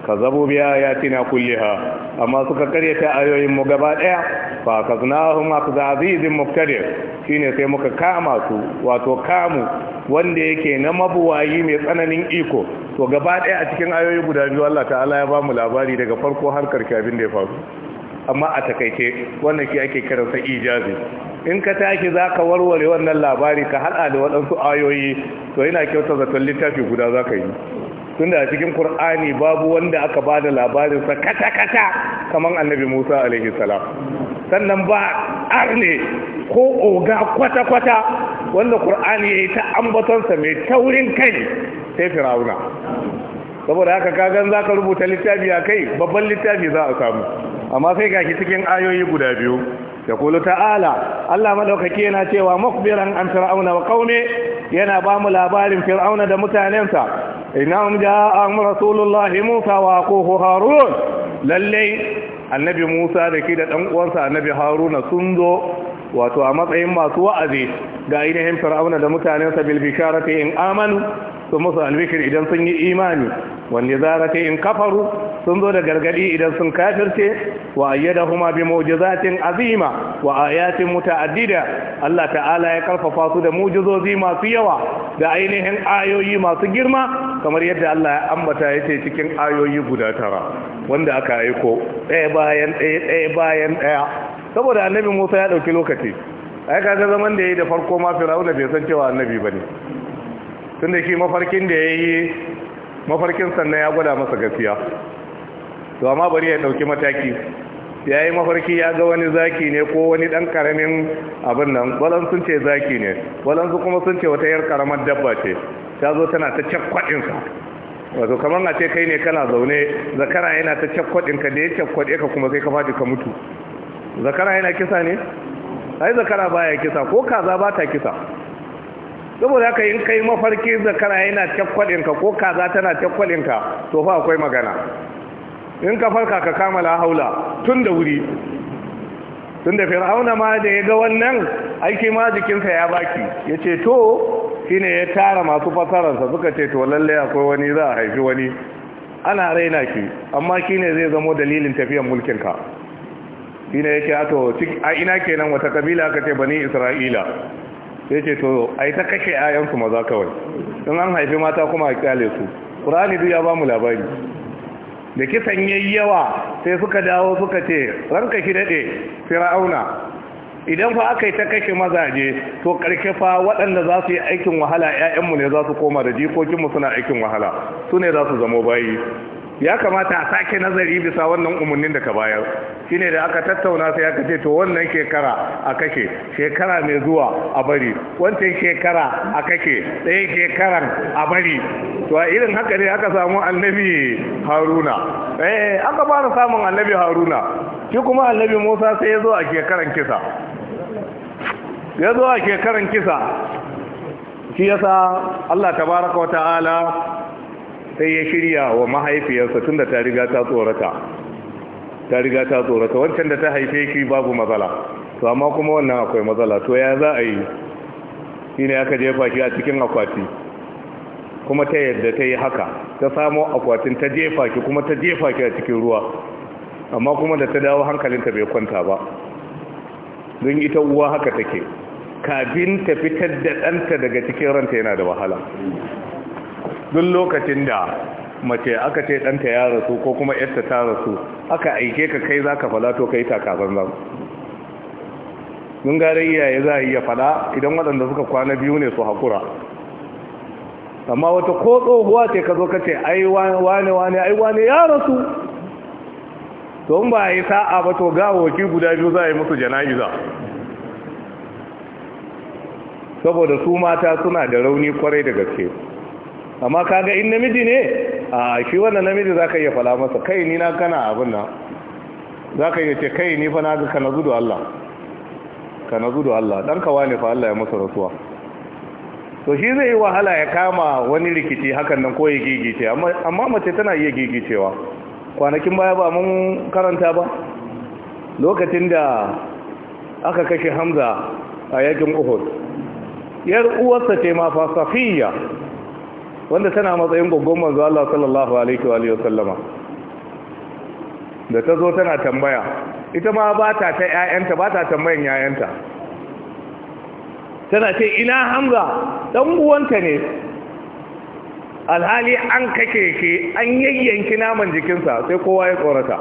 Speaker 1: kazabu bi ayatina kulliha amma suka karyata ayoyin mu gaba daya fa kaznahum akza muftadir shine sai muka kama su wato kamu wanda yake na mabuwayi mai tsananin iko to gaba daya a cikin ayoyi guda biyu Allah ta'ala ya ba mu labari daga farko har karshe abin da ya faru amma a takaice wannan shi ake kiransa ijazi in ka tashi za ka warware wannan labari ka hada da waɗansu ayoyi to yana kyauta zaton littafi guda za ka yi tunda a cikin Kur'ani babu wanda aka ba da labarinsa kata-kata kamar annabi Musa alaihi sannan ba arne ko oga kwata-kwata wanda Kur'ani ya yi ta ambatonsa mai taurin kai sai Firauna saboda haka kagan za ka rubuta littafi a kai babban littafi za a samu amma sai gaki cikin ayoyi guda biyu يقول ta'ala, allah ملوككي yana cewa mukbiran an fir'auna wa ƙaune yana ba mu labarin fir'auna da mutanensa inam ja'am rasulullahi Musa wa aquhu Harun Lallai annabi Musa da ke da dan uwansa annabi Haruna sun zo wato a matsayin masu wa'azi ga ainihin fir'auna da mutanensa bil ta in amanu sun musu albishir idan sun yi imani wanda ka in kafaru sun zo da gargadi idan sun kafirce wa ayyada huma bi mu'jizatin azima wa ayatin muta'addida Allah ta'ala ya karfafa su da mu'jizozi masu yawa da ainihin ayoyi masu girma kamar yadda Allah ya ambata ce cikin ayoyi guda tara wanda aka aiko ɗaya bayan ɗaya ɗaya bayan ɗaya saboda annabi Musa ya ɗauki lokaci ai kaga zaman da yayi da farko ma Firawuna bai san cewa annabi bane tun da shi mafarkin da ya yi mafarkin sannan ya gwada masa gafiya. to amma bari ya ɗauki mataki ya yi mafarki ya ga wani zaki ne ko wani ɗan ƙaramin abin nan walan sun ce zaki ne walan su kuma sun ce wata yar ƙaramar dabba ce ta zo tana ta cakwaɗinsa wato kamar a ce kai ne kana zaune zakara yana ta cakwaɗinka da ya cakwaɗe ka kuma sai ka faɗi ka mutu zakara yana kisa ne ai zakara baya kisa ko kaza ba ta kisa saboda haka in kai mafarki zakara yana cakwalinka ko kaza tana cakwalinka to fa akwai magana in ka farka ka kama la haula tun da wuri tun da fir'auna ma da ya ga wannan aiki ma jikinsa ya baki ya ce to shi ya tara masu fasararsa suka ce to lalle akwai wani za a haifi wani ana raina ki amma shi ne zai zamo dalilin tafiyan mulkin ka. ne ya ce a ina kenan wata kabila kace ce bani isra'ila sai ce to ai ta kashe 'ya'yansu maza kawai in an haifi mata kuma a kyale su ƙurani duk ya ba mu labari da kisan yayi yawa sai suka dawo suka ce ranka shi daɗe fir'auna idan fa aka yi ta kashe mazaje to ƙarshe fa waɗanda za su yi aikin wahala 'ya'yanmu ne za su koma da jikokinmu suna aikin wahala su ne za su zama bayi ya kamata a sake nazari bisa wannan umarnin da ka bayar ne da aka tattauna sai aka ce to wannan shekara a kashe shekara mai zuwa a bari wancan shekara a kashe ɗaya shekaran a bari to a irin haka ne aka samu annabi haruna eh aka fara samun annabi haruna shi kuma annabi musa sai ya zo a shekaran kisa ya zo a shekaran kisa shi yasa Allah tabaraka wa ta'ala sai ya shirya wa mahaifiyarsa tun da ta riga ta tsorata ta riga ta tsorata wancan da ta haife shi babu matsala to amma kuma wannan akwai matsala to ya za a yi shi ne aka jefa shi a cikin akwati kuma ta yadda ta yi haka ta samo akwatin ta jefa shi kuma ta jefa shi a cikin ruwa amma kuma da ta dawo hankalinta bai kwanta ba don ita uwa haka take kafin ta fitar da ɗanta daga cikin ranta yana da wahala duk lokacin da mace aka ce ɗanta ya rasu ko kuma yarta ta rasu aka aike ka kai za ka fada to yi takazan zan mun gare iyaye za a iya fada idan waɗanda suka kwana biyu ne su haƙura amma wata ko tsohuwa ce ka zo ka ce ai wane wane ai wane ya rasu to ba a yi sa'a ba to gawoki guda biyu za a yi musu jana'iza saboda su mata suna da rauni kwarai da gaske amma kaga in namiji ne a shi wannan namiji za ka iya fala masa kai ni na kana abin nan za ka iya ce kai ni fa na ga kana zudu Allah kana zudu Allah dan kawa ne fa Allah ya masa rasuwa to shi zai yi wahala ya kama wani rikici hakan nan ko ya gigice amma mace tana iya gigicewa kwanakin baya ba mun karanta ba lokacin da aka kashe hamza a yakin uhud yar uwarsa ce ma fa safiya wanda tana matsayin gwaggon manzo Allah sallallahu alaihi wa sallama da ta zo tana tambaya ita ma ba ta ta ƴaƴanta ba ta tambayan ƴaƴanta tana ce ina Hamza dan uwanta ne alhali an kake ke an yayyanki naman jikinsa sai kowa ya tsorata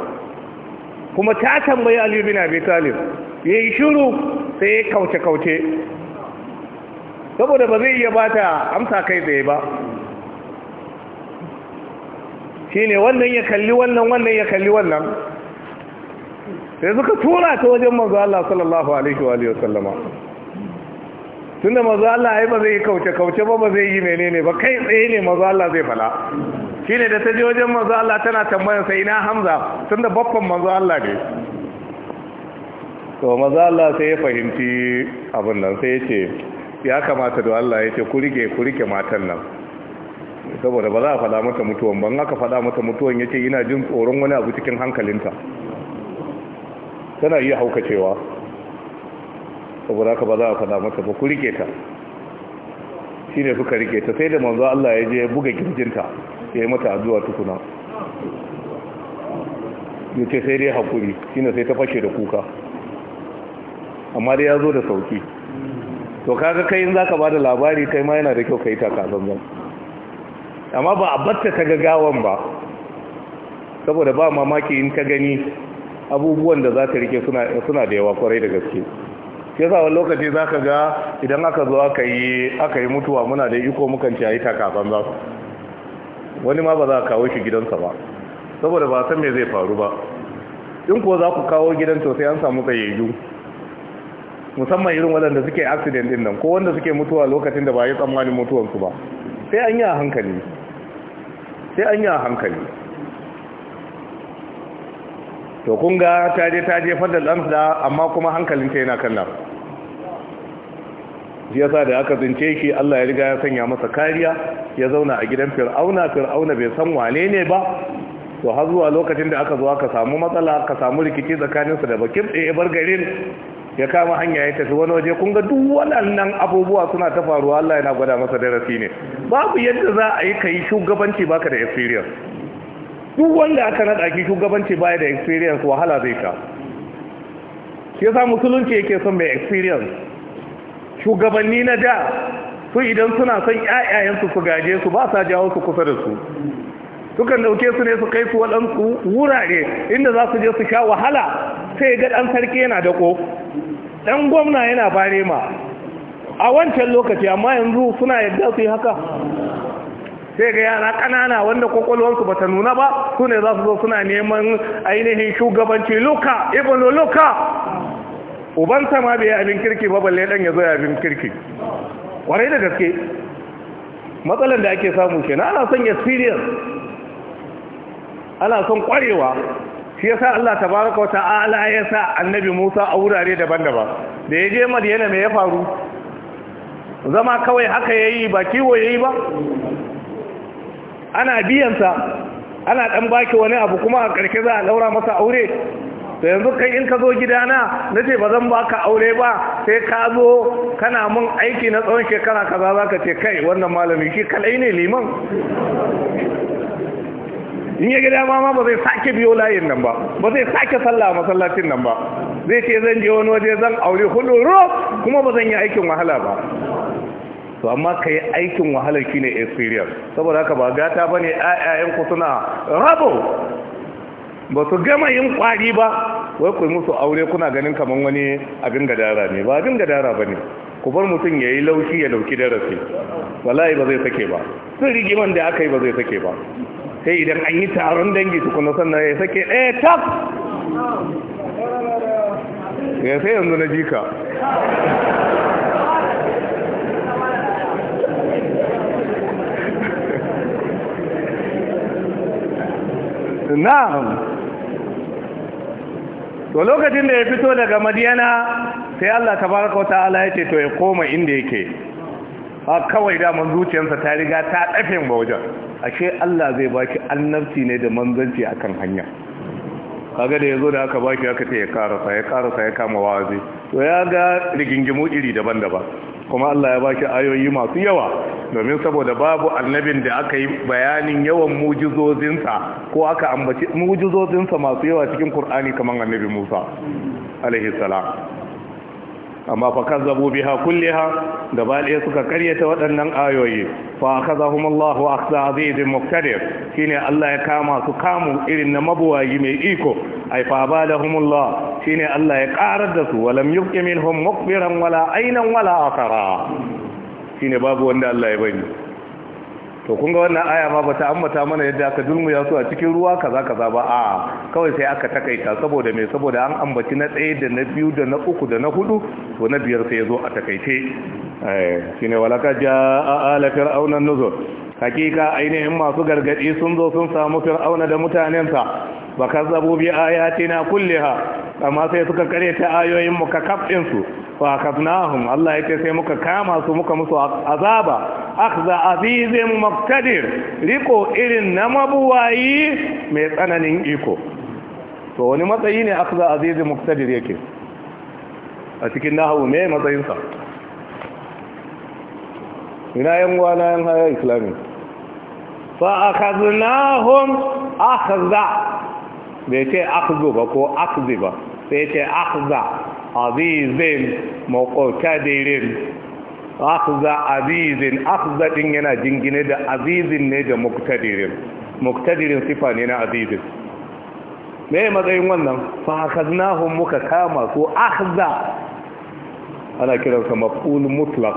Speaker 1: kuma ta tambayi Ali bin Abi Talib yayi shiru sai ya kauce kauce saboda ba zai iya bata amsa kai tsaye ba shine wannan ya kalli wannan wannan ya kalli wannan sai suka tura ta wajen manzo Allah sallallahu alaihi wa sallama tunda manzo Allah ai ba zai kauce kauce ba ba zai yi menene ba kai tsaye ne manzo Allah zai fala shine da ta je wajen manzo Allah tana tambayar sai ina Hamza tunda babban manzo Allah ne to manzo Allah sai ya fahimci abin nan sai ya ce ya kamata da Allah ya ce ku rike ku rike matan nan saboda ba za a faɗa mata mutuwan ban aka faɗa mata mutuwan ce ina jin tsoron wani abu cikin hankalinta tana iya haukacewa saboda haka ba za a faɗa mata ba ku rike ta Shi ne suka rike ta sai da manzo Allah ya je ya buga kirjinta ya yi mata zuwa tukuna ce sai dai hakuri ne sai ta fashe da kuka amma dai ya zo da sauki to kaga kai in zaka bada labari kai ma yana da kyau yi ta zan? amma ba a batta ta gagawan ba saboda ba mamaki in ka gani abubuwan da za ta rike suna da yawa kwarai da gaske Ke sa wani lokaci za ka ga idan aka zo aka yi mutuwa muna da iko mukan ci a yi takafan za wani ma ba za a kawo shi gidansa ba saboda ba san me zai faru ba in ko za ku kawo gidan to sai an samu tsayayyu musamman irin waɗanda suke accident din nan ko wanda suke mutuwa lokacin da ba yi tsammanin mutuwansu ba sai an yi a hankali sai an yi a hankali to kun ga ta je ta fadal amsa amma kuma hankalinta yana kan nan shi yasa da aka zince shi Allah ya riga ya sanya masa kariya ya zauna a gidan fir'auna fir'auna bai san wane ne ba to har zuwa lokacin da aka zo aka samu matsala aka samu rikici tsakaninsu da bakin tsaye bar garin ya kama hanya ya tafi wani waje kunga ga duk waɗannan abubuwa suna ta faruwa Allah yana gwada masa darasi ne babu yadda za a yi kai shugabanci baka da experience duk wanda aka nada ki shugabanci baya da experience wahala zai ka shi yasa musulunci yake son mai experience shugabanni na da su idan suna son ƴaƴayen su su gaje su ba sa jawo su kusa da su sukan dauke su ne su kai su waɗansu wurare inda za su je su sha wahala sai ga ɗan sarki yana da ko ɗan gwamna yana bare ma a wancan lokaci amma yanzu suna yadda su yi haka sai ga yara ƙanana wanda kwakwalwarsu ta nuna ba su ne za su zo suna neman ainihin shugabanci loka ibano loka Uban sama bai yi abin kirki ba balle dan ya zo abin kirki kwarai da gaske Matsalar da ake samu na ana son experience ana son kwarewa shi yasa Allah tabaraka wata ta'ala ya sa annabi Musa a wurare daban-daban da ya je yana me ya faru zama kawai haka yayi ba kiwo yayi ba ana biyansa ana dan baki wani abu kuma a karke za a laura masa aure to yanzu kai in ka zo gidana na ce ba zan baka aure ba sai ka zo kana mun aiki na tsawon shekara kaza za ka ce kai wannan malami shi kalai ne liman in ya gida ma ba zai sake biyo layin nan ba ba zai sake sallah masallacin nan ba zai ce zan je wani waje zan aure huduru kuma ba zan yi aikin wahala ba to amma ka yi aikin wahala ne experience saboda haka ba gata ba ne ku suna rabo ba su gama yin kwari ba wai ku musu aure kuna ganin kamar wani abin gadara ne ba abin gadara ba ne ku bar mutum ya yi laushi ya dauki darasi wallahi ba zai sake ba sun rigiman da aka yi ba zai sake ba sai idan an yi taron dangi tukuna sannan ya sake ɗaya eh, tap ya sai yanzu na jika na'am to lokacin da ya fito daga madiyana sai Allah ta baraka wata ala ya ce to ya koma inda yake a kawai daman zuciyarsa ta riga ta ɗafe ba wajen ashe Allah zai baki annabci ne da manzanci akan hanya kaga da yazo da aka baki aka ce ya karasa ya karasa ya kama wazi to ya ga rigingimu iri daban-daban kuma Allah ya baki ayoyi masu yawa domin saboda babu annabin da aka yi bayanin yawan mujizozinsa ko aka ambaci mujizozinsa masu yawa cikin Kur'ani kamar annabi Musa alaihi salam amma fa kazzabu biha kulliha gaba ɗaya suka karyata waɗannan ayoyi fa akhazahum Allah akhza azizin muqtadir shine Allah ya kama su kamu irin na mabuwayi mai iko ai fa balahum Allah shine Allah ya ƙarar da su walam yubqi minhum muqbiran wala aynan wala Shi ne babu wanda Allah ya bani to kun ga wannan aya ma ta ambata mana yadda aka ya su a cikin ruwa kaza kaza ba a kawai sai aka takaita saboda me saboda an ambaci na ɗaya da na biyu da na uku da na hudu to na biyar sai ya zo a takaice eh, shine walaka a ala fir'auna nuzur hakika ainihin masu gargadi sun zo sun samu fir'auna da mutanensa wa kazzabu bi ayatina ha, amma sai suka kareta ayoyin muka kakab su fa kafnahum Allah yake sai muka kama su muka musu azaba akhza azizim muqtadir riko irin na mabuwayi mai tsananin iko to wani matsayi ne akhza azizim muqtadir yake a cikin nahawu me matsayin sa ina yan gwana yan haya islami fa akhadnahum akhza bai ce akzu ba ko akzi ba sai ce akza azizin muqtadirin akza azizin akza din yana jingine da azizin ne da muqtadirin muqtadirin sifa ne na azizin me matsayin wannan fa akaznahum muka kama ko akza ana kiransa maf'ul mutlaq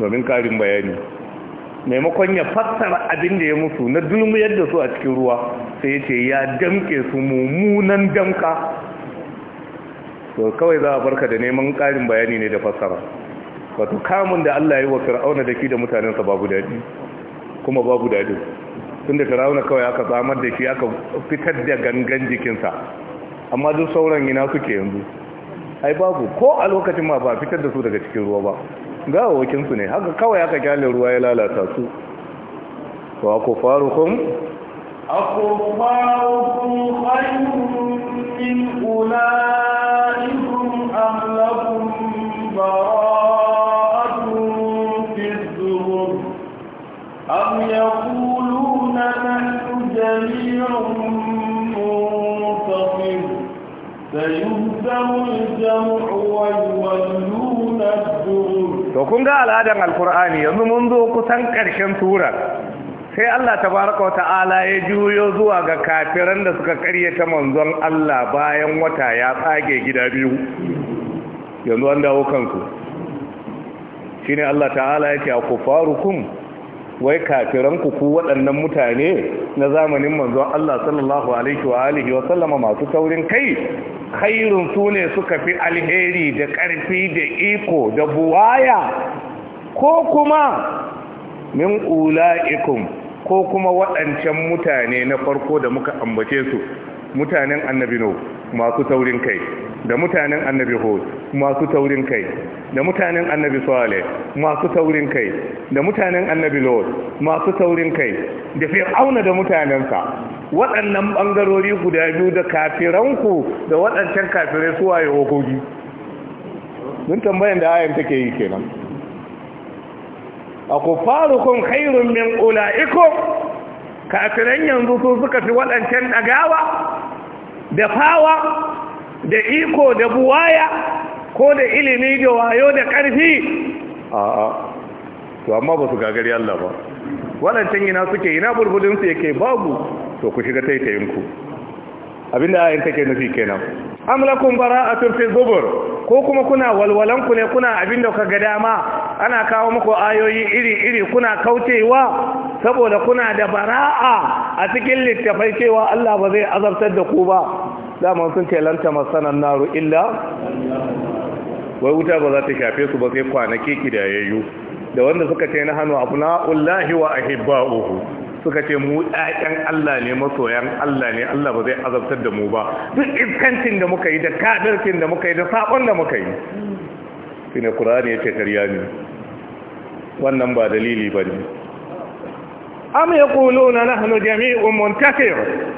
Speaker 1: domin karin bayani maimakon ya fassara abin da ya mutu na dulmu yadda su a cikin ruwa sai ce ya damke su mummunan damka to kawai za a farka da neman ƙarin bayani ne da fassara wato kamun da Allah ya yi wa fir'auna da ki da mutanensa babu daɗi kuma babu daɗi tun da fir'auna kawai aka samar da shi aka fitar da gangan jikinsa amma duk sauran ina suke yanzu ai babu ko a lokacin ma ba fitar da su daga cikin ruwa ba gawawakinsu ne haka kawai aka kyale ruwa ya lalata su wa ko أكفاركم خير من
Speaker 2: أولئكم أم لكم براءة في الزبر أم يقولون نحن جميع منتصر
Speaker 1: سيهزم
Speaker 2: الجمع ويولون الدبر
Speaker 1: to kun ga al'adan alkur'ani yanzu mun zo kusan ƙarshen turar sai Allah tabaraka wa ta'ala ya juyo zuwa ga kafiran da suka karyata manzon Allah bayan wata ya tsage gida biyu yanzu an dawo kansu ne Allah ta'ala ya ku a kun wai kafiran ku waɗannan mutane na zamanin manzon Allah sallallahu alaihi wa alihi wa sallama masu taurin kai khairun ne suka fi alheri da ƙarfi da iko da buwaya ko kuma min ula'ikum ko kuma waɗancan mutane na farko da muka ambace su mutanen annabi no masu taurin kai da mutanen annabi hud masu taurin kai da mutanen annabi saleh masu taurin kai da mutanen annabi lord masu taurin kai da fi auna da mutanensa waɗannan ɓangarori guda biyu da kafiranku da waɗancan kafirai su waye ogogi don tambayan da ayan take yi kenan akufarukum khairun min ulaikum kafiran yanzu su suka fi waɗancan ɗagawa da fawa da iko da buwaya ko da ilimi da wayo da ƙarfi a'a to amma ba su gagari Allah ba waɗancan ina suke ina su yake babu to ku shiga taitayinku abinda ayin take nufi kenan am lakum bara'atun fi zubur ko kuma kuna walwalan ku ne kuna abin da ga dama ana kawo muku ayoyi iri iri kuna kaucewa saboda kuna da bara'a a cikin littafai cewa Allah ba zai azabtar da ku ba dama sun ce lanta masanan naru illa wai wuta ba za ta shafe su ba sai kwanaki kidayayyu da wanda suka ce na hannu ullahi wa ahibba'uhu suka ce mu yayan Allah ne masoyan Allah ne Allah ba zai azabtar da mu ba duk iskancin da muka yi da kadarcin da muka yi da sabon da muka yi shine Qur'ani ce karya ne wannan ba dalili bane am yaquluna nahnu jami'un muntakir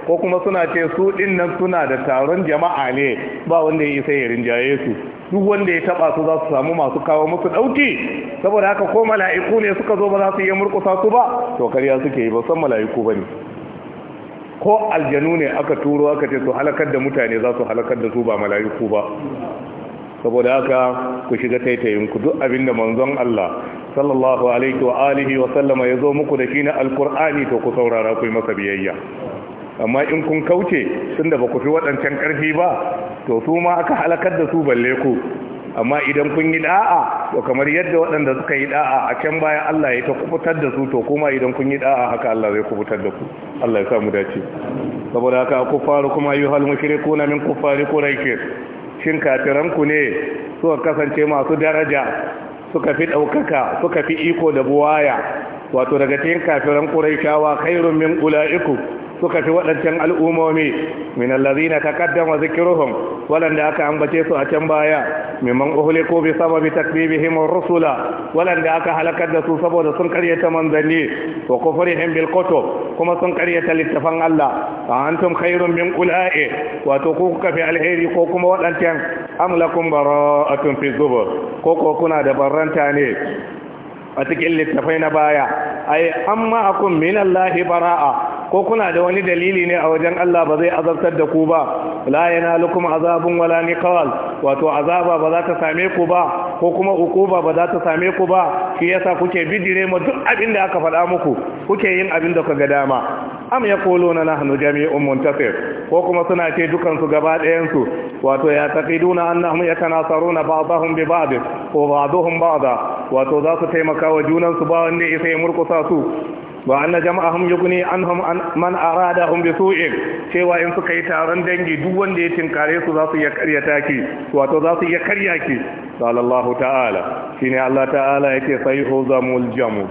Speaker 1: ko kuma suna ce su dinnan suna da taron jama'a ne ba wanda ya isa ya rinjaye su duk wanda ya taba su za su samu masu kawo musu dauki saboda haka ko mala'iku ne suka zo ba za su iya murkusa su ba to kariya suke yi ba san mala'iku ne ko aljanu ne aka turo aka ce su halakar da mutane za su halakar da su ba mala'iku ba saboda haka ku shiga taitayin ku duk abin da manzon Allah sallallahu alaihi wa alihi wa sallama zo muku da shi na alqur'ani to ku saurara ku yi masa biyayya amma in kun kauce sun ba ku fi waɗancan ƙarfi ba to su ma aka halakar da su balle ku amma idan kun yi da'a to kamar yadda waɗanda suka yi da'a a can baya Allah ya ta kubutar da su to kuma idan kun yi da'a haka Allah zai kubutar da ku Allah ya samu dace saboda haka faru kuma yi yuhal na min kufari quraish shin kafiran ku ne suka kasance masu daraja suka fi daukaka suka fi iko da buwaya wato daga cikin kafiran quraishawa khairun min ulaiku suka fi waɗancan al'umomi min allazina taqaddama zikruhum walanda aka ambace su a can baya mimman ko bi sababi takdibihim himar rusula waɗanda aka halakar da su saboda sun karyata manzanni wa kufrihim bil koto, kuma sun karyata littafan Allah A antum khairun min ula'i wato ku kuka fi alheri ko kuma waɗancan amlakum bara'atun fi zubur ko ko kuna da barranta ne a cikin littafai na baya ai amma akun min Allah bara'a ko kuna da wani dalili ne a wajen Allah ba zai azabtar da ku ba la yanalukum azabun wala niqal wato azaba ba za ta same ku ba ko kuma ukuba ba za ta same ku ba shi yasa kuke bidire mu duk abin da aka faɗa muku kuke yin abin da kaga dama am yaquluna nahnu jami'un muntasir ko kuma suna ce dukan su gaba ɗayan su wato ya taqiduna annahum yatanasaruna ba'dahum bi ba'd ko ba'dahum ba'da wato za su taimaka wa junan su ba ya sai murkusa su wa anna jama'ahum yughni anhum man aradahum bi su'in cewa in suka yi taron dangi duk wanda ya tinkare su za su iya karyata ki wato za su iya karya ki sallallahu ta'ala shine Allah ta'ala yake sai huzamul jamu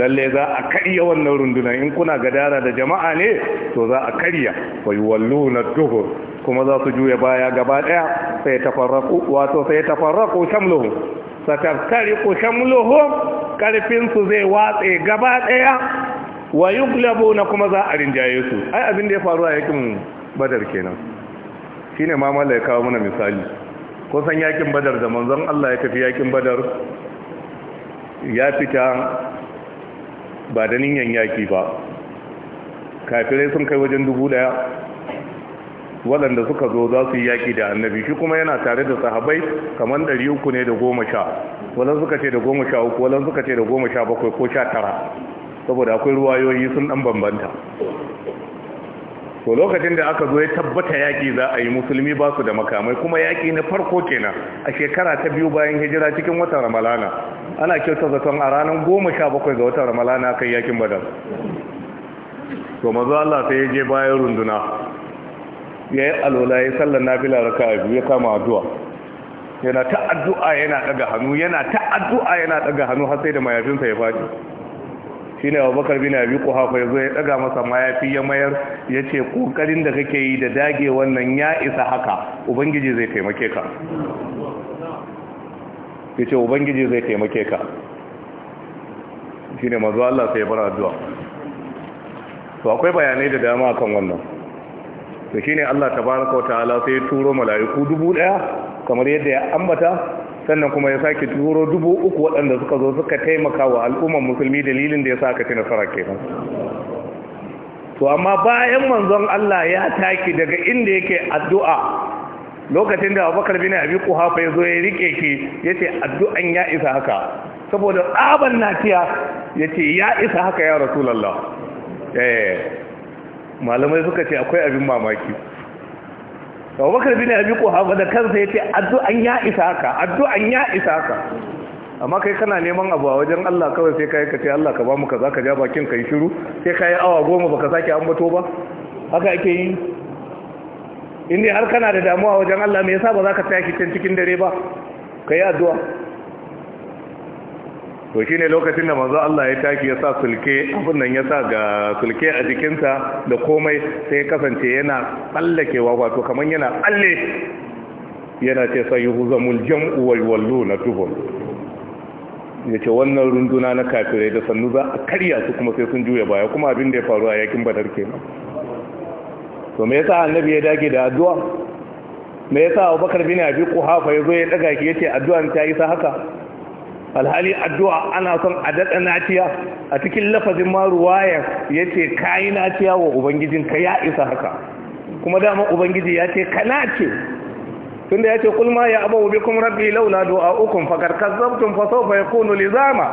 Speaker 1: lalle za a karya wannan rundunar in kuna gadara da jama'a ne to za a karya wai wallo na duhur kuma za su juya baya gaba daya sai tafarraku wato sai tafarraku shamluhum satarkariku shamluhum Karfinsu zai watse gaba ɗaya wa yuglabu na kuma za a rinjaye su ai abin da ya faru a yakin badar kenan Shi ne Mamala ya kawo mana misali ko san yakin badar da manzon Allah ya tafi yakin badar ya fita ba da ninyan yaki ba kafirai sun kai wajen dubu daya waɗanda suka zo za su yi yaƙi da annabi shi kuma yana tare da sahabai kamar ɗari uku ne da goma sha walan suka ce da goma sha uku walan suka ce da goma sha bakwai ko sha tara saboda akwai ruwayoyi sun ɗan bambanta to lokacin da aka zo ya tabbata yaƙi za a yi musulmi ba su da makamai kuma yaƙi na farko kenan a shekara ta biyu bayan hijira cikin watan ramalana ana kyauta zaton a ranar goma sha bakwai ga watan ramalana kan yaƙin badar to maza Allah sai ya je bayan runduna ya yi alola ya sallar nafila raka a biyu ya kama addu'a yana ta addu'a yana daga hannu yana ta addu'a yana daga hannu har sai da mayafinsa ya faɗi shi ne abubakar bin abi kuhafa ya zo ya daga masa mayafi ya mayar ya ce ƙoƙarin da kake yi da dage wannan ya isa haka ubangiji zai taimake ka ya ce ubangiji zai taimake ka shi ne mazu Allah sai ya fara addu'a akwai bayanai da dama akan wannan to ne Allah Ta tabaraka wataala sai ya turo mala'iku dubu daya kamar yadda ya ambata sannan kuma ya sake turo dubu uku waɗanda suka zo suka taimaka wa al'umman musulmi dalilin da ya sa aka ci nasara kenan to amma bayan manzon Allah ya taki daga inda yake addu'a lokacin da Abubakar bin Abi Quhafa ya zo ya rike ki yace addu'an ya isa haka saboda tsaban nafiya yace ya isa haka ya Rasulullah eh malamai suka ce akwai abin mamaki abubakar bin abi kuhafa da kansa ya ce addu'an ya isa haka addu'an ya isa haka amma kai kana neman abu a wajen Allah kawai sai kai ka ce Allah ka ba mu kaza ka ja bakin kai shiru sai kai awa goma baka sake ambato ba haka ake yi inda har kana da damuwa wajen Allah me yasa ba za ka tashi cikin dare ba kai addu'a to shi ne lokacin da manzo Allah ya taki ya sa sulke abin nan ya sa ga sulke a jikinsa da komai sai kasance yana tsallakewa wato kamar yana tsalle yana ce sayyuhu zamul jam'u wal walluna tubur ya ce wannan runduna na kafirai da sannu za a karya su kuma sai sun juya baya kuma abin da ya faru a yakin badar kenan to me yasa annabi ya dage da addu'a me yasa Abubakar bin Abi Quhafa zo ya daga ki yace addu'an ta isa haka alhali addu'a ana son a daɗa naciya a cikin lafazin ma ruwayar ya ce ka yi naciya wa ka ya isa haka kuma dama ubangiji ya ce ka nace tunda ya ce kulma ya abu bi kuma rabbi launa du'a ukun fakar kazzabtun fa sawfa yakunu lizama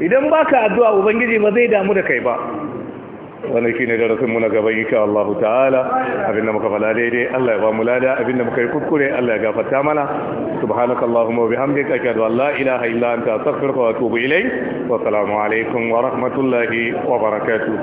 Speaker 1: idan baka addu'a ubangiji ba zai damu da kai ba wannan shine darasin mu na gaba insha Allah ta'ala abinda muka fada daidai Allah ya ba mu lada abinda muka yi kuskure Allah ya gafarta mana subhanakallahumma wa bihamdika ashhadu an la ilaha illa anta astaghfiruka wa atubu ilayk wa assalamu alaikum wa rahmatullahi wa barakatuh